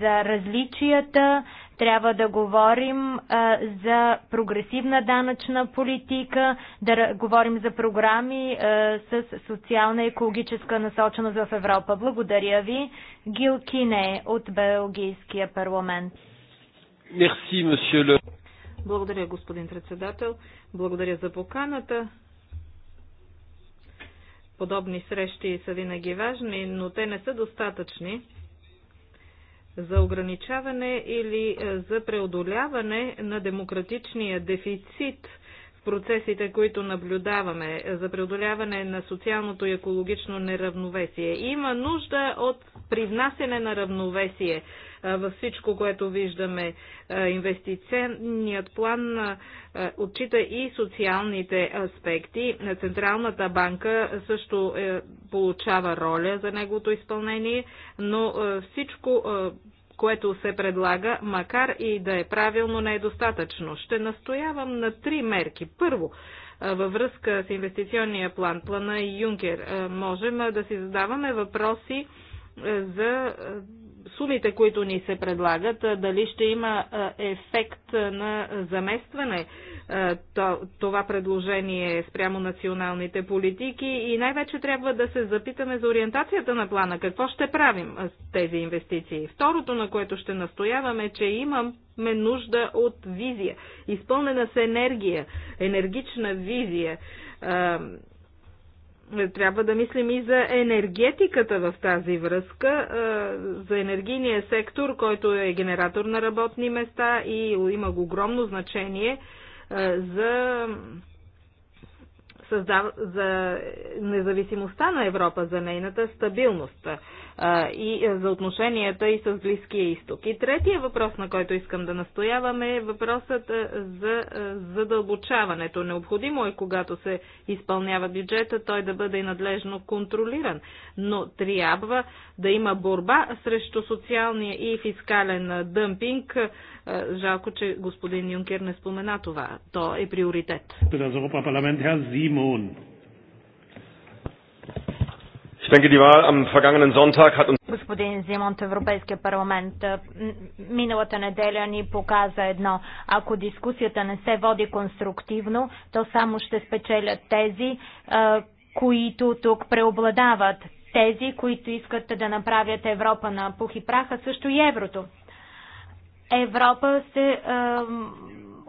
за различията, трябва да говорим а, за прогресивна данъчна политика, да говорим за програми а, с социална и екологическа насоченост в Европа. Благодаря ви. Гил Кине от Белгийския парламент. Merci, le... Благодаря, господин председател. Благодаря за поканата. Подобни срещи са винаги важни, но те не са достатъчни за ограничаване или е, за преодоляване на демократичния дефицит в процесите, които наблюдаваме, е, за преодоляване на социалното и екологично неравновесие. Има нужда от привнасене на равновесие във всичко, което виждаме. Инвестиционният план отчита и социалните аспекти. Централната банка също е, получава роля за неговото изпълнение, но всичко което се предлага, макар и да е правилно, не е достатъчно. Ще настоявам на три мерки. Първо, във връзка с инвестиционния план, плана Юнкер, можем да си задаваме въпроси за сумите, които ни се предлагат, дали ще има ефект на заместване това предложение спрямо националните политики и най-вече трябва да се запитаме за ориентацията на плана. Какво ще правим с тези инвестиции? Второто, на което ще настояваме, е, че имаме нужда от визия, изпълнена с енергия, енергична визия трябва да мислим и за енергетиката в тази връзка, за енергийния сектор, който е генератор на работни места и има огромно значение за, създав... за независимостта на Европа, за нейната стабилност и е, за отношенията и с Близкия изток. И третия въпрос, на който искам да настояваме, е въпросът е, за е, задълбочаването. Необходимо е, когато се изпълнява бюджета, той да бъде и надлежно контролиран. Но трябва да има борба срещу социалния и фискален дъмпинг. Жалко, че господин Юнкер не спомена това. То е приоритет. Господин Зимон от Европейския парламент, миналата неделя ни показа едно. Ако дискусията не се води конструктивно, то само ще спечелят тези, които тук преобладават. Тези, които искат да направят Европа на пух и праха, също и еврото. Европа се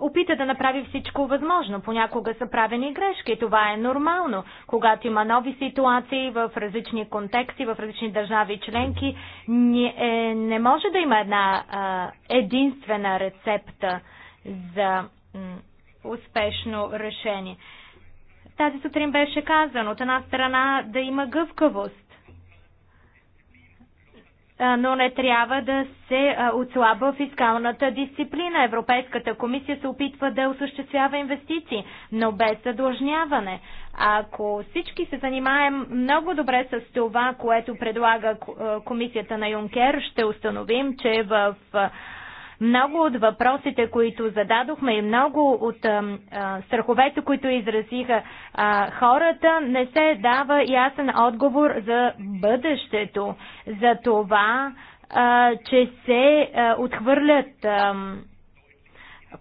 опита да направи всичко възможно. Понякога са правени грешки. Това е нормално. Когато има нови ситуации в различни контексти, в различни държави и членки, не, е, не може да има една а, единствена рецепта за успешно решение. Тази сутрин беше казано от една страна да има гъвкавост но не трябва да се отслабва фискалната дисциплина. Европейската комисия се опитва да осъществява инвестиции, но без задлъжняване. Ако всички се занимаем много добре с това, което предлага комисията на Юнкер, ще установим, че в много от въпросите, които зададохме и много от а, страховете, които изразиха а, хората, не се дава ясен отговор за бъдещето, за това, а, че се а, отхвърлят. А,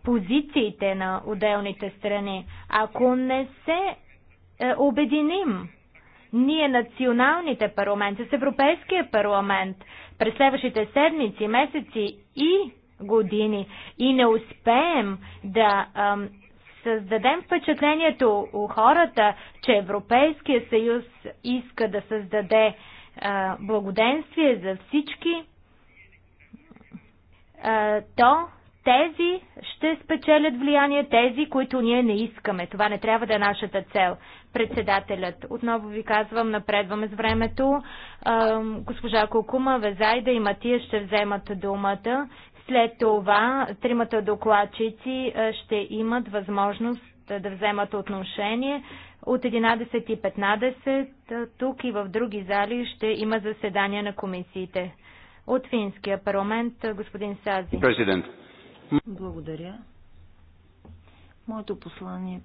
позициите на отделните страни. Ако не се е, обединим, ние националните парламенти с Европейския парламент през следващите седмици, месеци и години и не успеем да ам, създадем впечатлението у хората, че Европейския съюз иска да създаде а, благоденствие за всички, а, то тези ще спечелят влияние, тези, които ние не искаме. Това не трябва да е нашата цел. Председателят, отново ви казвам, напредваме с времето. госпожа Кокума, Везайда и Матия ще вземат думата. След това тримата докладчици е, ще имат възможност да вземат отношение. От 11.15 е, тук и в други зали ще има заседания на комисиите. От финския парламент е, господин Сази. Президент. Благодаря. Моето послание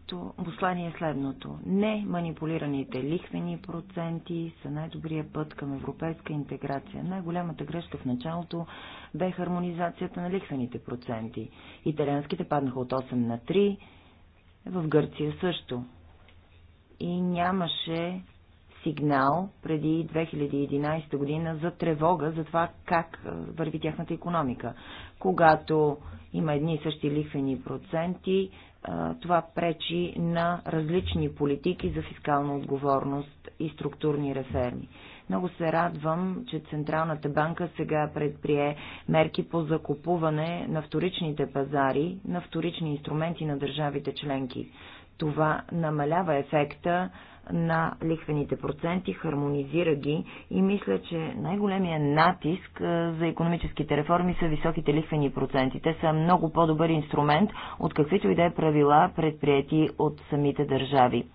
е следното. Не манипулираните лихвени проценти са най-добрия път към европейска интеграция. Най-голямата грешка в началото бе хармонизацията на лихвените проценти. Италианските паднаха от 8 на 3, в Гърция също. И нямаше сигнал преди 2011 година за тревога за това как е, върви тяхната економика. Когато има едни и същи лихвени проценти, това пречи на различни политики за фискална отговорност и структурни реформи. Много се радвам, че Централната банка сега предприе мерки по закупуване на вторичните пазари, на вторични инструменти на държавите членки. Това намалява ефекта на лихвените проценти, хармонизира ги и мисля, че най-големия натиск за економическите реформи са високите лихвени проценти. Те са много по-добър инструмент от каквито и да е правила предприяти от самите държави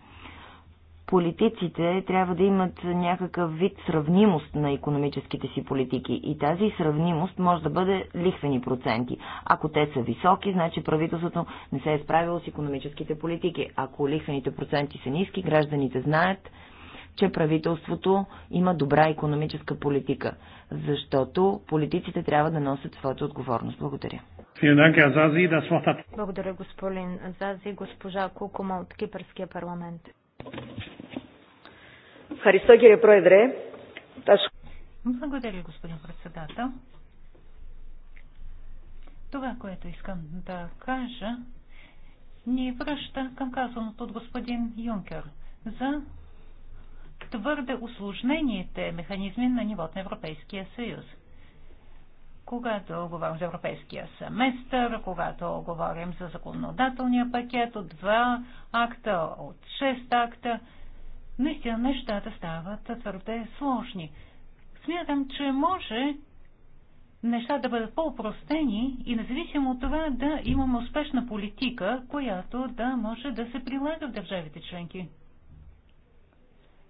политиците трябва да имат някакъв вид сравнимост на економическите си политики и тази сравнимост може да бъде лихвени проценти. Ако те са високи, значи правителството не се е справило с економическите политики. Ако лихвените проценти са ниски, гражданите знаят, че правителството има добра економическа политика, защото политиците трябва да носят своята отговорност. Благодаря. Благодаря, господин Зази. Госпожа Кукума от Кипърския парламент. Благодаря, господин председател. Това, което искам да кажа, ни връща към казаното от господин Юнкер за твърде усложнените механизми на нивото на Европейския съюз когато говорим за европейския семестър, когато говорим за законодателния пакет от два акта, от шест акта, наистина нещата стават твърде сложни. Смятам, че може неща да бъдат по-упростени и независимо от това да имаме успешна политика, която да може да се прилага в държавите членки.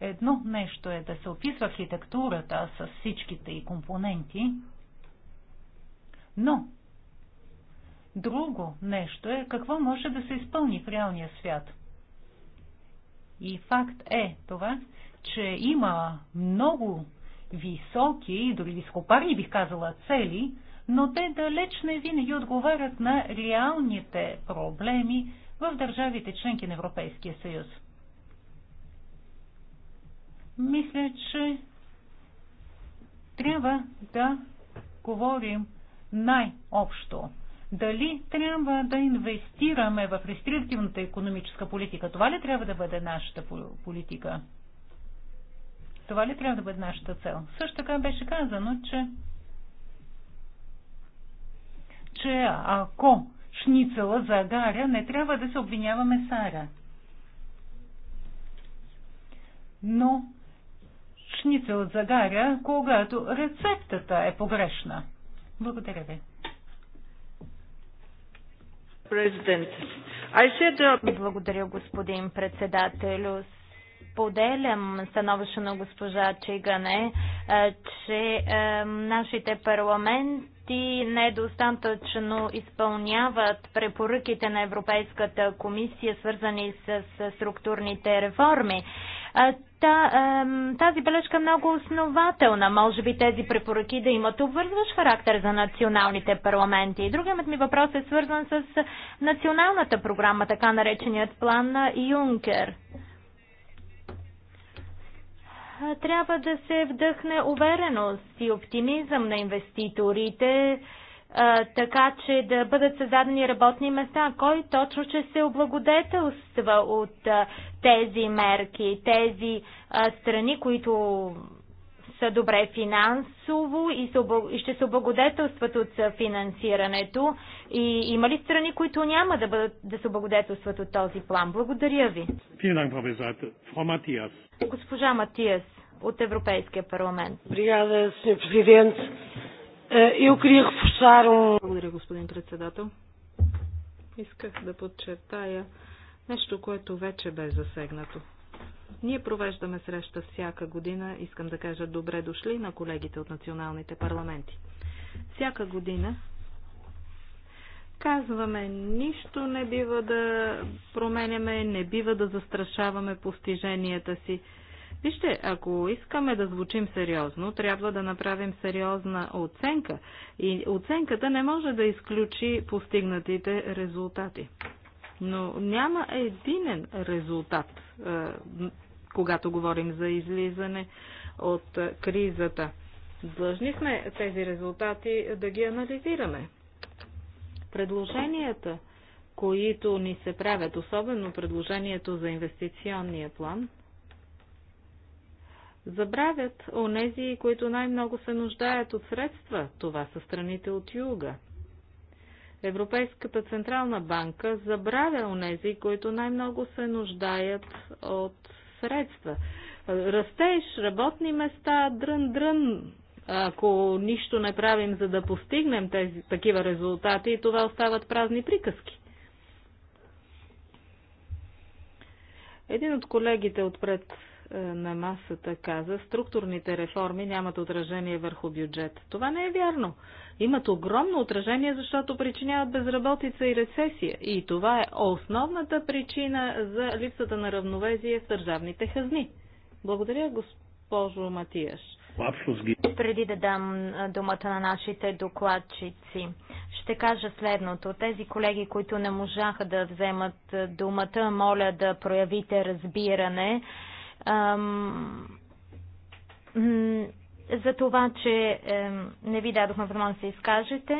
Едно нещо е да се описва архитектурата с всичките и компоненти – но друго нещо е какво може да се изпълни в реалния свят. И факт е това, че има много високи и дори високопарни, бих казала, цели, но те далеч не винаги отговарят на реалните проблеми в държавите членки на Европейския съюз. Мисля, че трябва да говорим най-общо. Дали трябва да инвестираме в рестриктивната економическа политика? Това ли трябва да бъде нашата политика? Това ли трябва да бъде нашата цел? Също така беше казано, че, че ако шницела загаря, не трябва да се обвиняваме Сара. Но Шницела загаря, когато рецептата е погрешна. Благодаря ви. Uh, Благодаря, господин председателю. Поделям становище на госпожа Чигане, е, че е, нашите парламенти недостатъчно изпълняват препоръките на Европейската комисия, свързани с структурните реформи. Та, тази бележка е много основателна. Може би тези препоръки да имат обвързващ характер за националните парламенти. и Другият ми въпрос е свързан с националната програма, така нареченият план на Юнкер. Трябва да се вдъхне увереност и оптимизъм на инвеститорите, така че да бъдат създадени работни места. Кой точно ще се облагодетелства от тези мерки, тези а, страни, които са добре финансово и, са, и ще се облагодетелстват от финансирането. И има ли страни, които няма да, бъдат, да се облагодетелстват от този план? Благодаря ви. Госпожа Матиас от Европейския парламент. Е, Благодаря, господин председател. Исках да подчертая Нещо, което вече бе засегнато. Ние провеждаме среща всяка година, искам да кажа добре дошли на колегите от националните парламенти. Всяка година казваме, нищо не бива да променяме, не бива да застрашаваме постиженията си. Вижте, ако искаме да звучим сериозно, трябва да направим сериозна оценка и оценката не може да изключи постигнатите резултати но няма единен резултат, е, когато говорим за излизане от е, кризата. Длъжни сме тези резултати да ги анализираме. Предложенията, които ни се правят, особено предложението за инвестиционния план, забравят онези, които най-много се нуждаят от средства. Това са страните от юга – Европейската централна банка забравя онези, които най-много се нуждаят от средства. Растеж, работни места, дрън-дрън. Ако нищо не правим, за да постигнем тези такива резултати, това остават празни приказки. Един от колегите отпред е, на масата каза, структурните реформи нямат отражение върху бюджет. Това не е вярно имат огромно отражение, защото причиняват безработица и рецесия. И това е основната причина за липсата на равновезие в държавните хазни. Благодаря, госпожо Матияш. Преди да дам думата на нашите докладчици, ще кажа следното. Тези колеги, които не можаха да вземат думата, моля да проявите разбиране. Ам за това, че не ви дадохме възможност да се изкажете.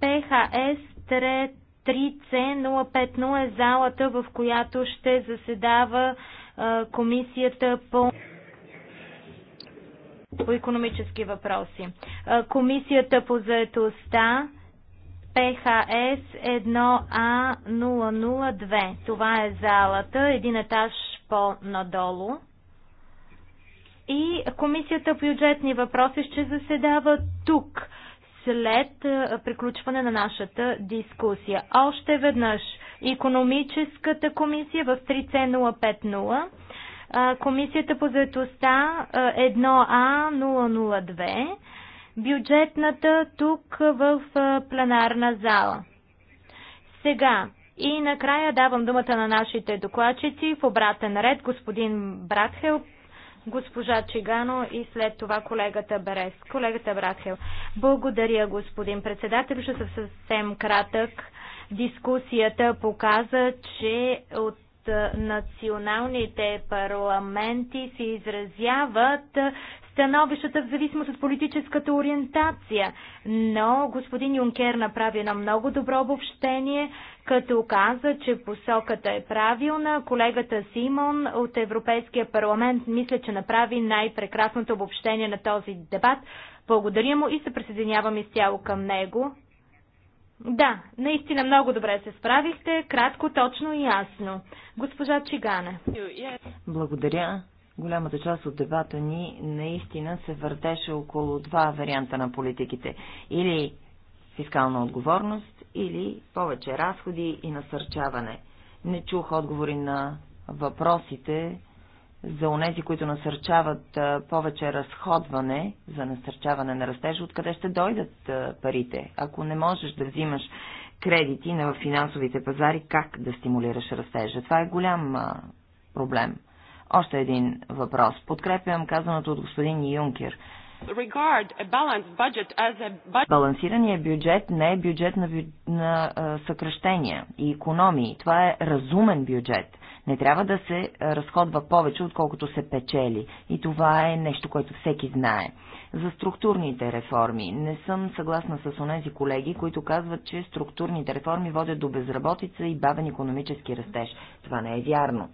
ПХС 3C050 е залата, в която ще заседава е, комисията по по економически въпроси. Е, комисията по заетостта ПХС 1А002. Това е залата, един етаж по-надолу. И Комисията по бюджетни въпроси ще заседава тук след е, приключване на нашата дискусия. Още веднъж економическата комисия в 3.050. Е, Комисията по заедостта 1А002, е, бюджетната тук в пленарна зала. Сега и накрая давам думата на нашите докладчици в обратен ред господин Братхел, госпожа Чигано и след това колегата Берес. Колегата Брахел. Благодаря, господин председател. Ще съм съвсем кратък. Дискусията показа, че от националните парламенти се изразяват становищата в зависимост от политическата ориентация. Но господин Юнкер направи едно много добро обобщение, като каза, че посоката е правилна. Колегата Симон от Европейския парламент мисля, че направи най-прекрасното обобщение на този дебат. Благодаря му и се присъединявам изцяло към него. Да, наистина много добре се справихте, кратко, точно и ясно. Госпожа Чигане. Благодаря голямата част от дебата ни наистина се въртеше около два варианта на политиките. Или фискална отговорност, или повече разходи и насърчаване. Не чух отговори на въпросите за онези, които насърчават повече разходване, за насърчаване на растежа, откъде ще дойдат парите. Ако не можеш да взимаш кредити на финансовите пазари, как да стимулираш растежа? Това е голям проблем. Още един въпрос. Подкрепям казаното от господин Юнкер. Балансираният бюджет не е бюджет на, бю... на а, съкръщения и економии. Това е разумен бюджет. Не трябва да се разходва повече, отколкото се печели. И това е нещо, което всеки знае. За структурните реформи. Не съм съгласна с онези колеги, които казват, че структурните реформи водят до безработица и бавен економически растеж. Това не е вярно.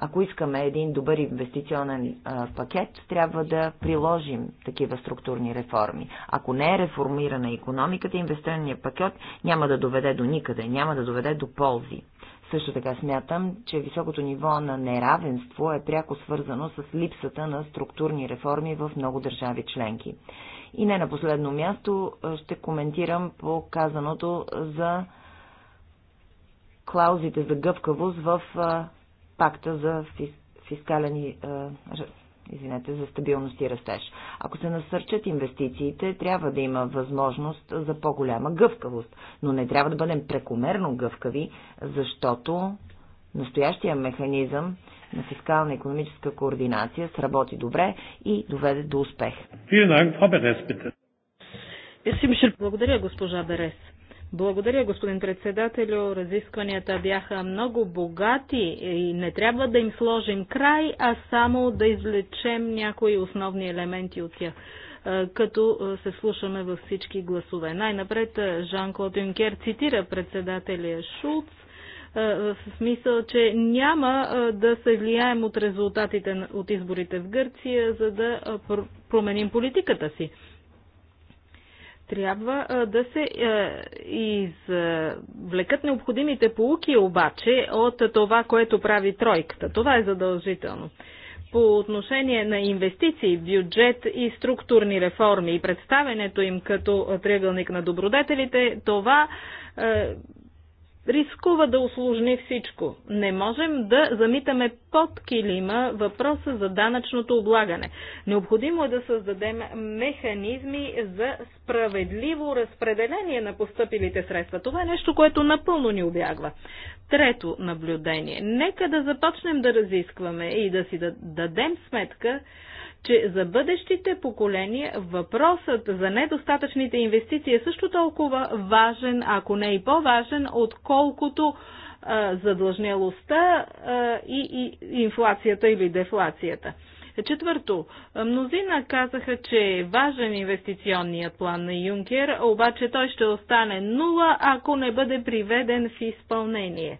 Ако искаме един добър инвестиционен пакет, трябва да приложим такива структурни реформи. Ако не е реформирана економиката, инвестиционният пакет няма да доведе до никъде, няма да доведе до ползи. Също така смятам, че високото ниво на неравенство е пряко свързано с липсата на структурни реформи в много държави членки. И не на последно място ще коментирам по казаното за клаузите за гъвкавост в пакта за фискален и, извинете, за стабилност и растеж. Ако се насърчат инвестициите, трябва да има възможност за по-голяма гъвкавост, но не трябва да бъдем прекомерно гъвкави, защото настоящия механизъм на фискална и економическа координация сработи добре и доведе до успех. Благодаря, госпожа Берес. Благодаря, господин председателю. Разискванията бяха много богати и не трябва да им сложим край, а само да извлечем някои основни елементи от тях като се слушаме във всички гласове. Най-напред Жан-Клод Юнкер цитира председателя Шулц, в смисъл, че няма да се влияем от резултатите от изборите в Гърция, за да променим политиката си. Трябва да се извлекат необходимите полуки обаче от това, което прави тройката. Това е задължително по отношение на инвестиции, бюджет и структурни реформи и представенето им като триъгълник на добродетелите, това рискува да усложни всичко. Не можем да замитаме под килима въпроса за данъчното облагане. Необходимо е да създадем механизми за справедливо разпределение на поступилите средства. Това е нещо, което напълно ни обягва. Трето наблюдение. Нека да започнем да разискваме и да си дадем сметка, че за бъдещите поколения въпросът за недостатъчните инвестиции е също толкова важен, ако не и по-важен, отколкото задлъжнялостта и, и инфлацията или дефлацията. Четвърто, мнозина казаха, че е важен инвестиционният план на Юнкер, обаче той ще остане нула, ако не бъде приведен в изпълнение.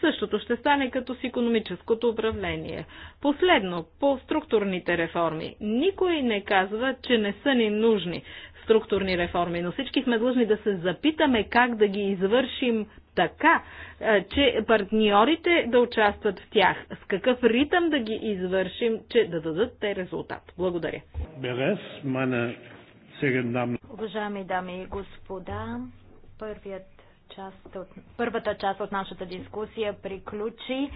Същото ще стане като с економическото управление. Последно, по структурните реформи. Никой не казва, че не са ни нужни структурни реформи, но всички сме длъжни да се запитаме как да ги извършим така, е, че партньорите да участват в тях, с какъв ритъм да ги извършим, че да дадат те резултат. Благодаря. Уважаеми дами и господа, първият част от, първата част от нашата дискусия приключи.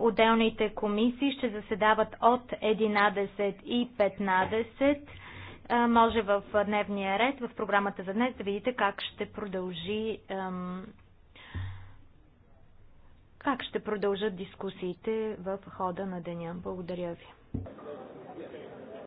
Отделните комисии ще заседават от 11 и 15 може в дневния ред, в програмата за днес да видите как ще продължи как ще продължат дискусиите в хода на деня. Благодаря ви.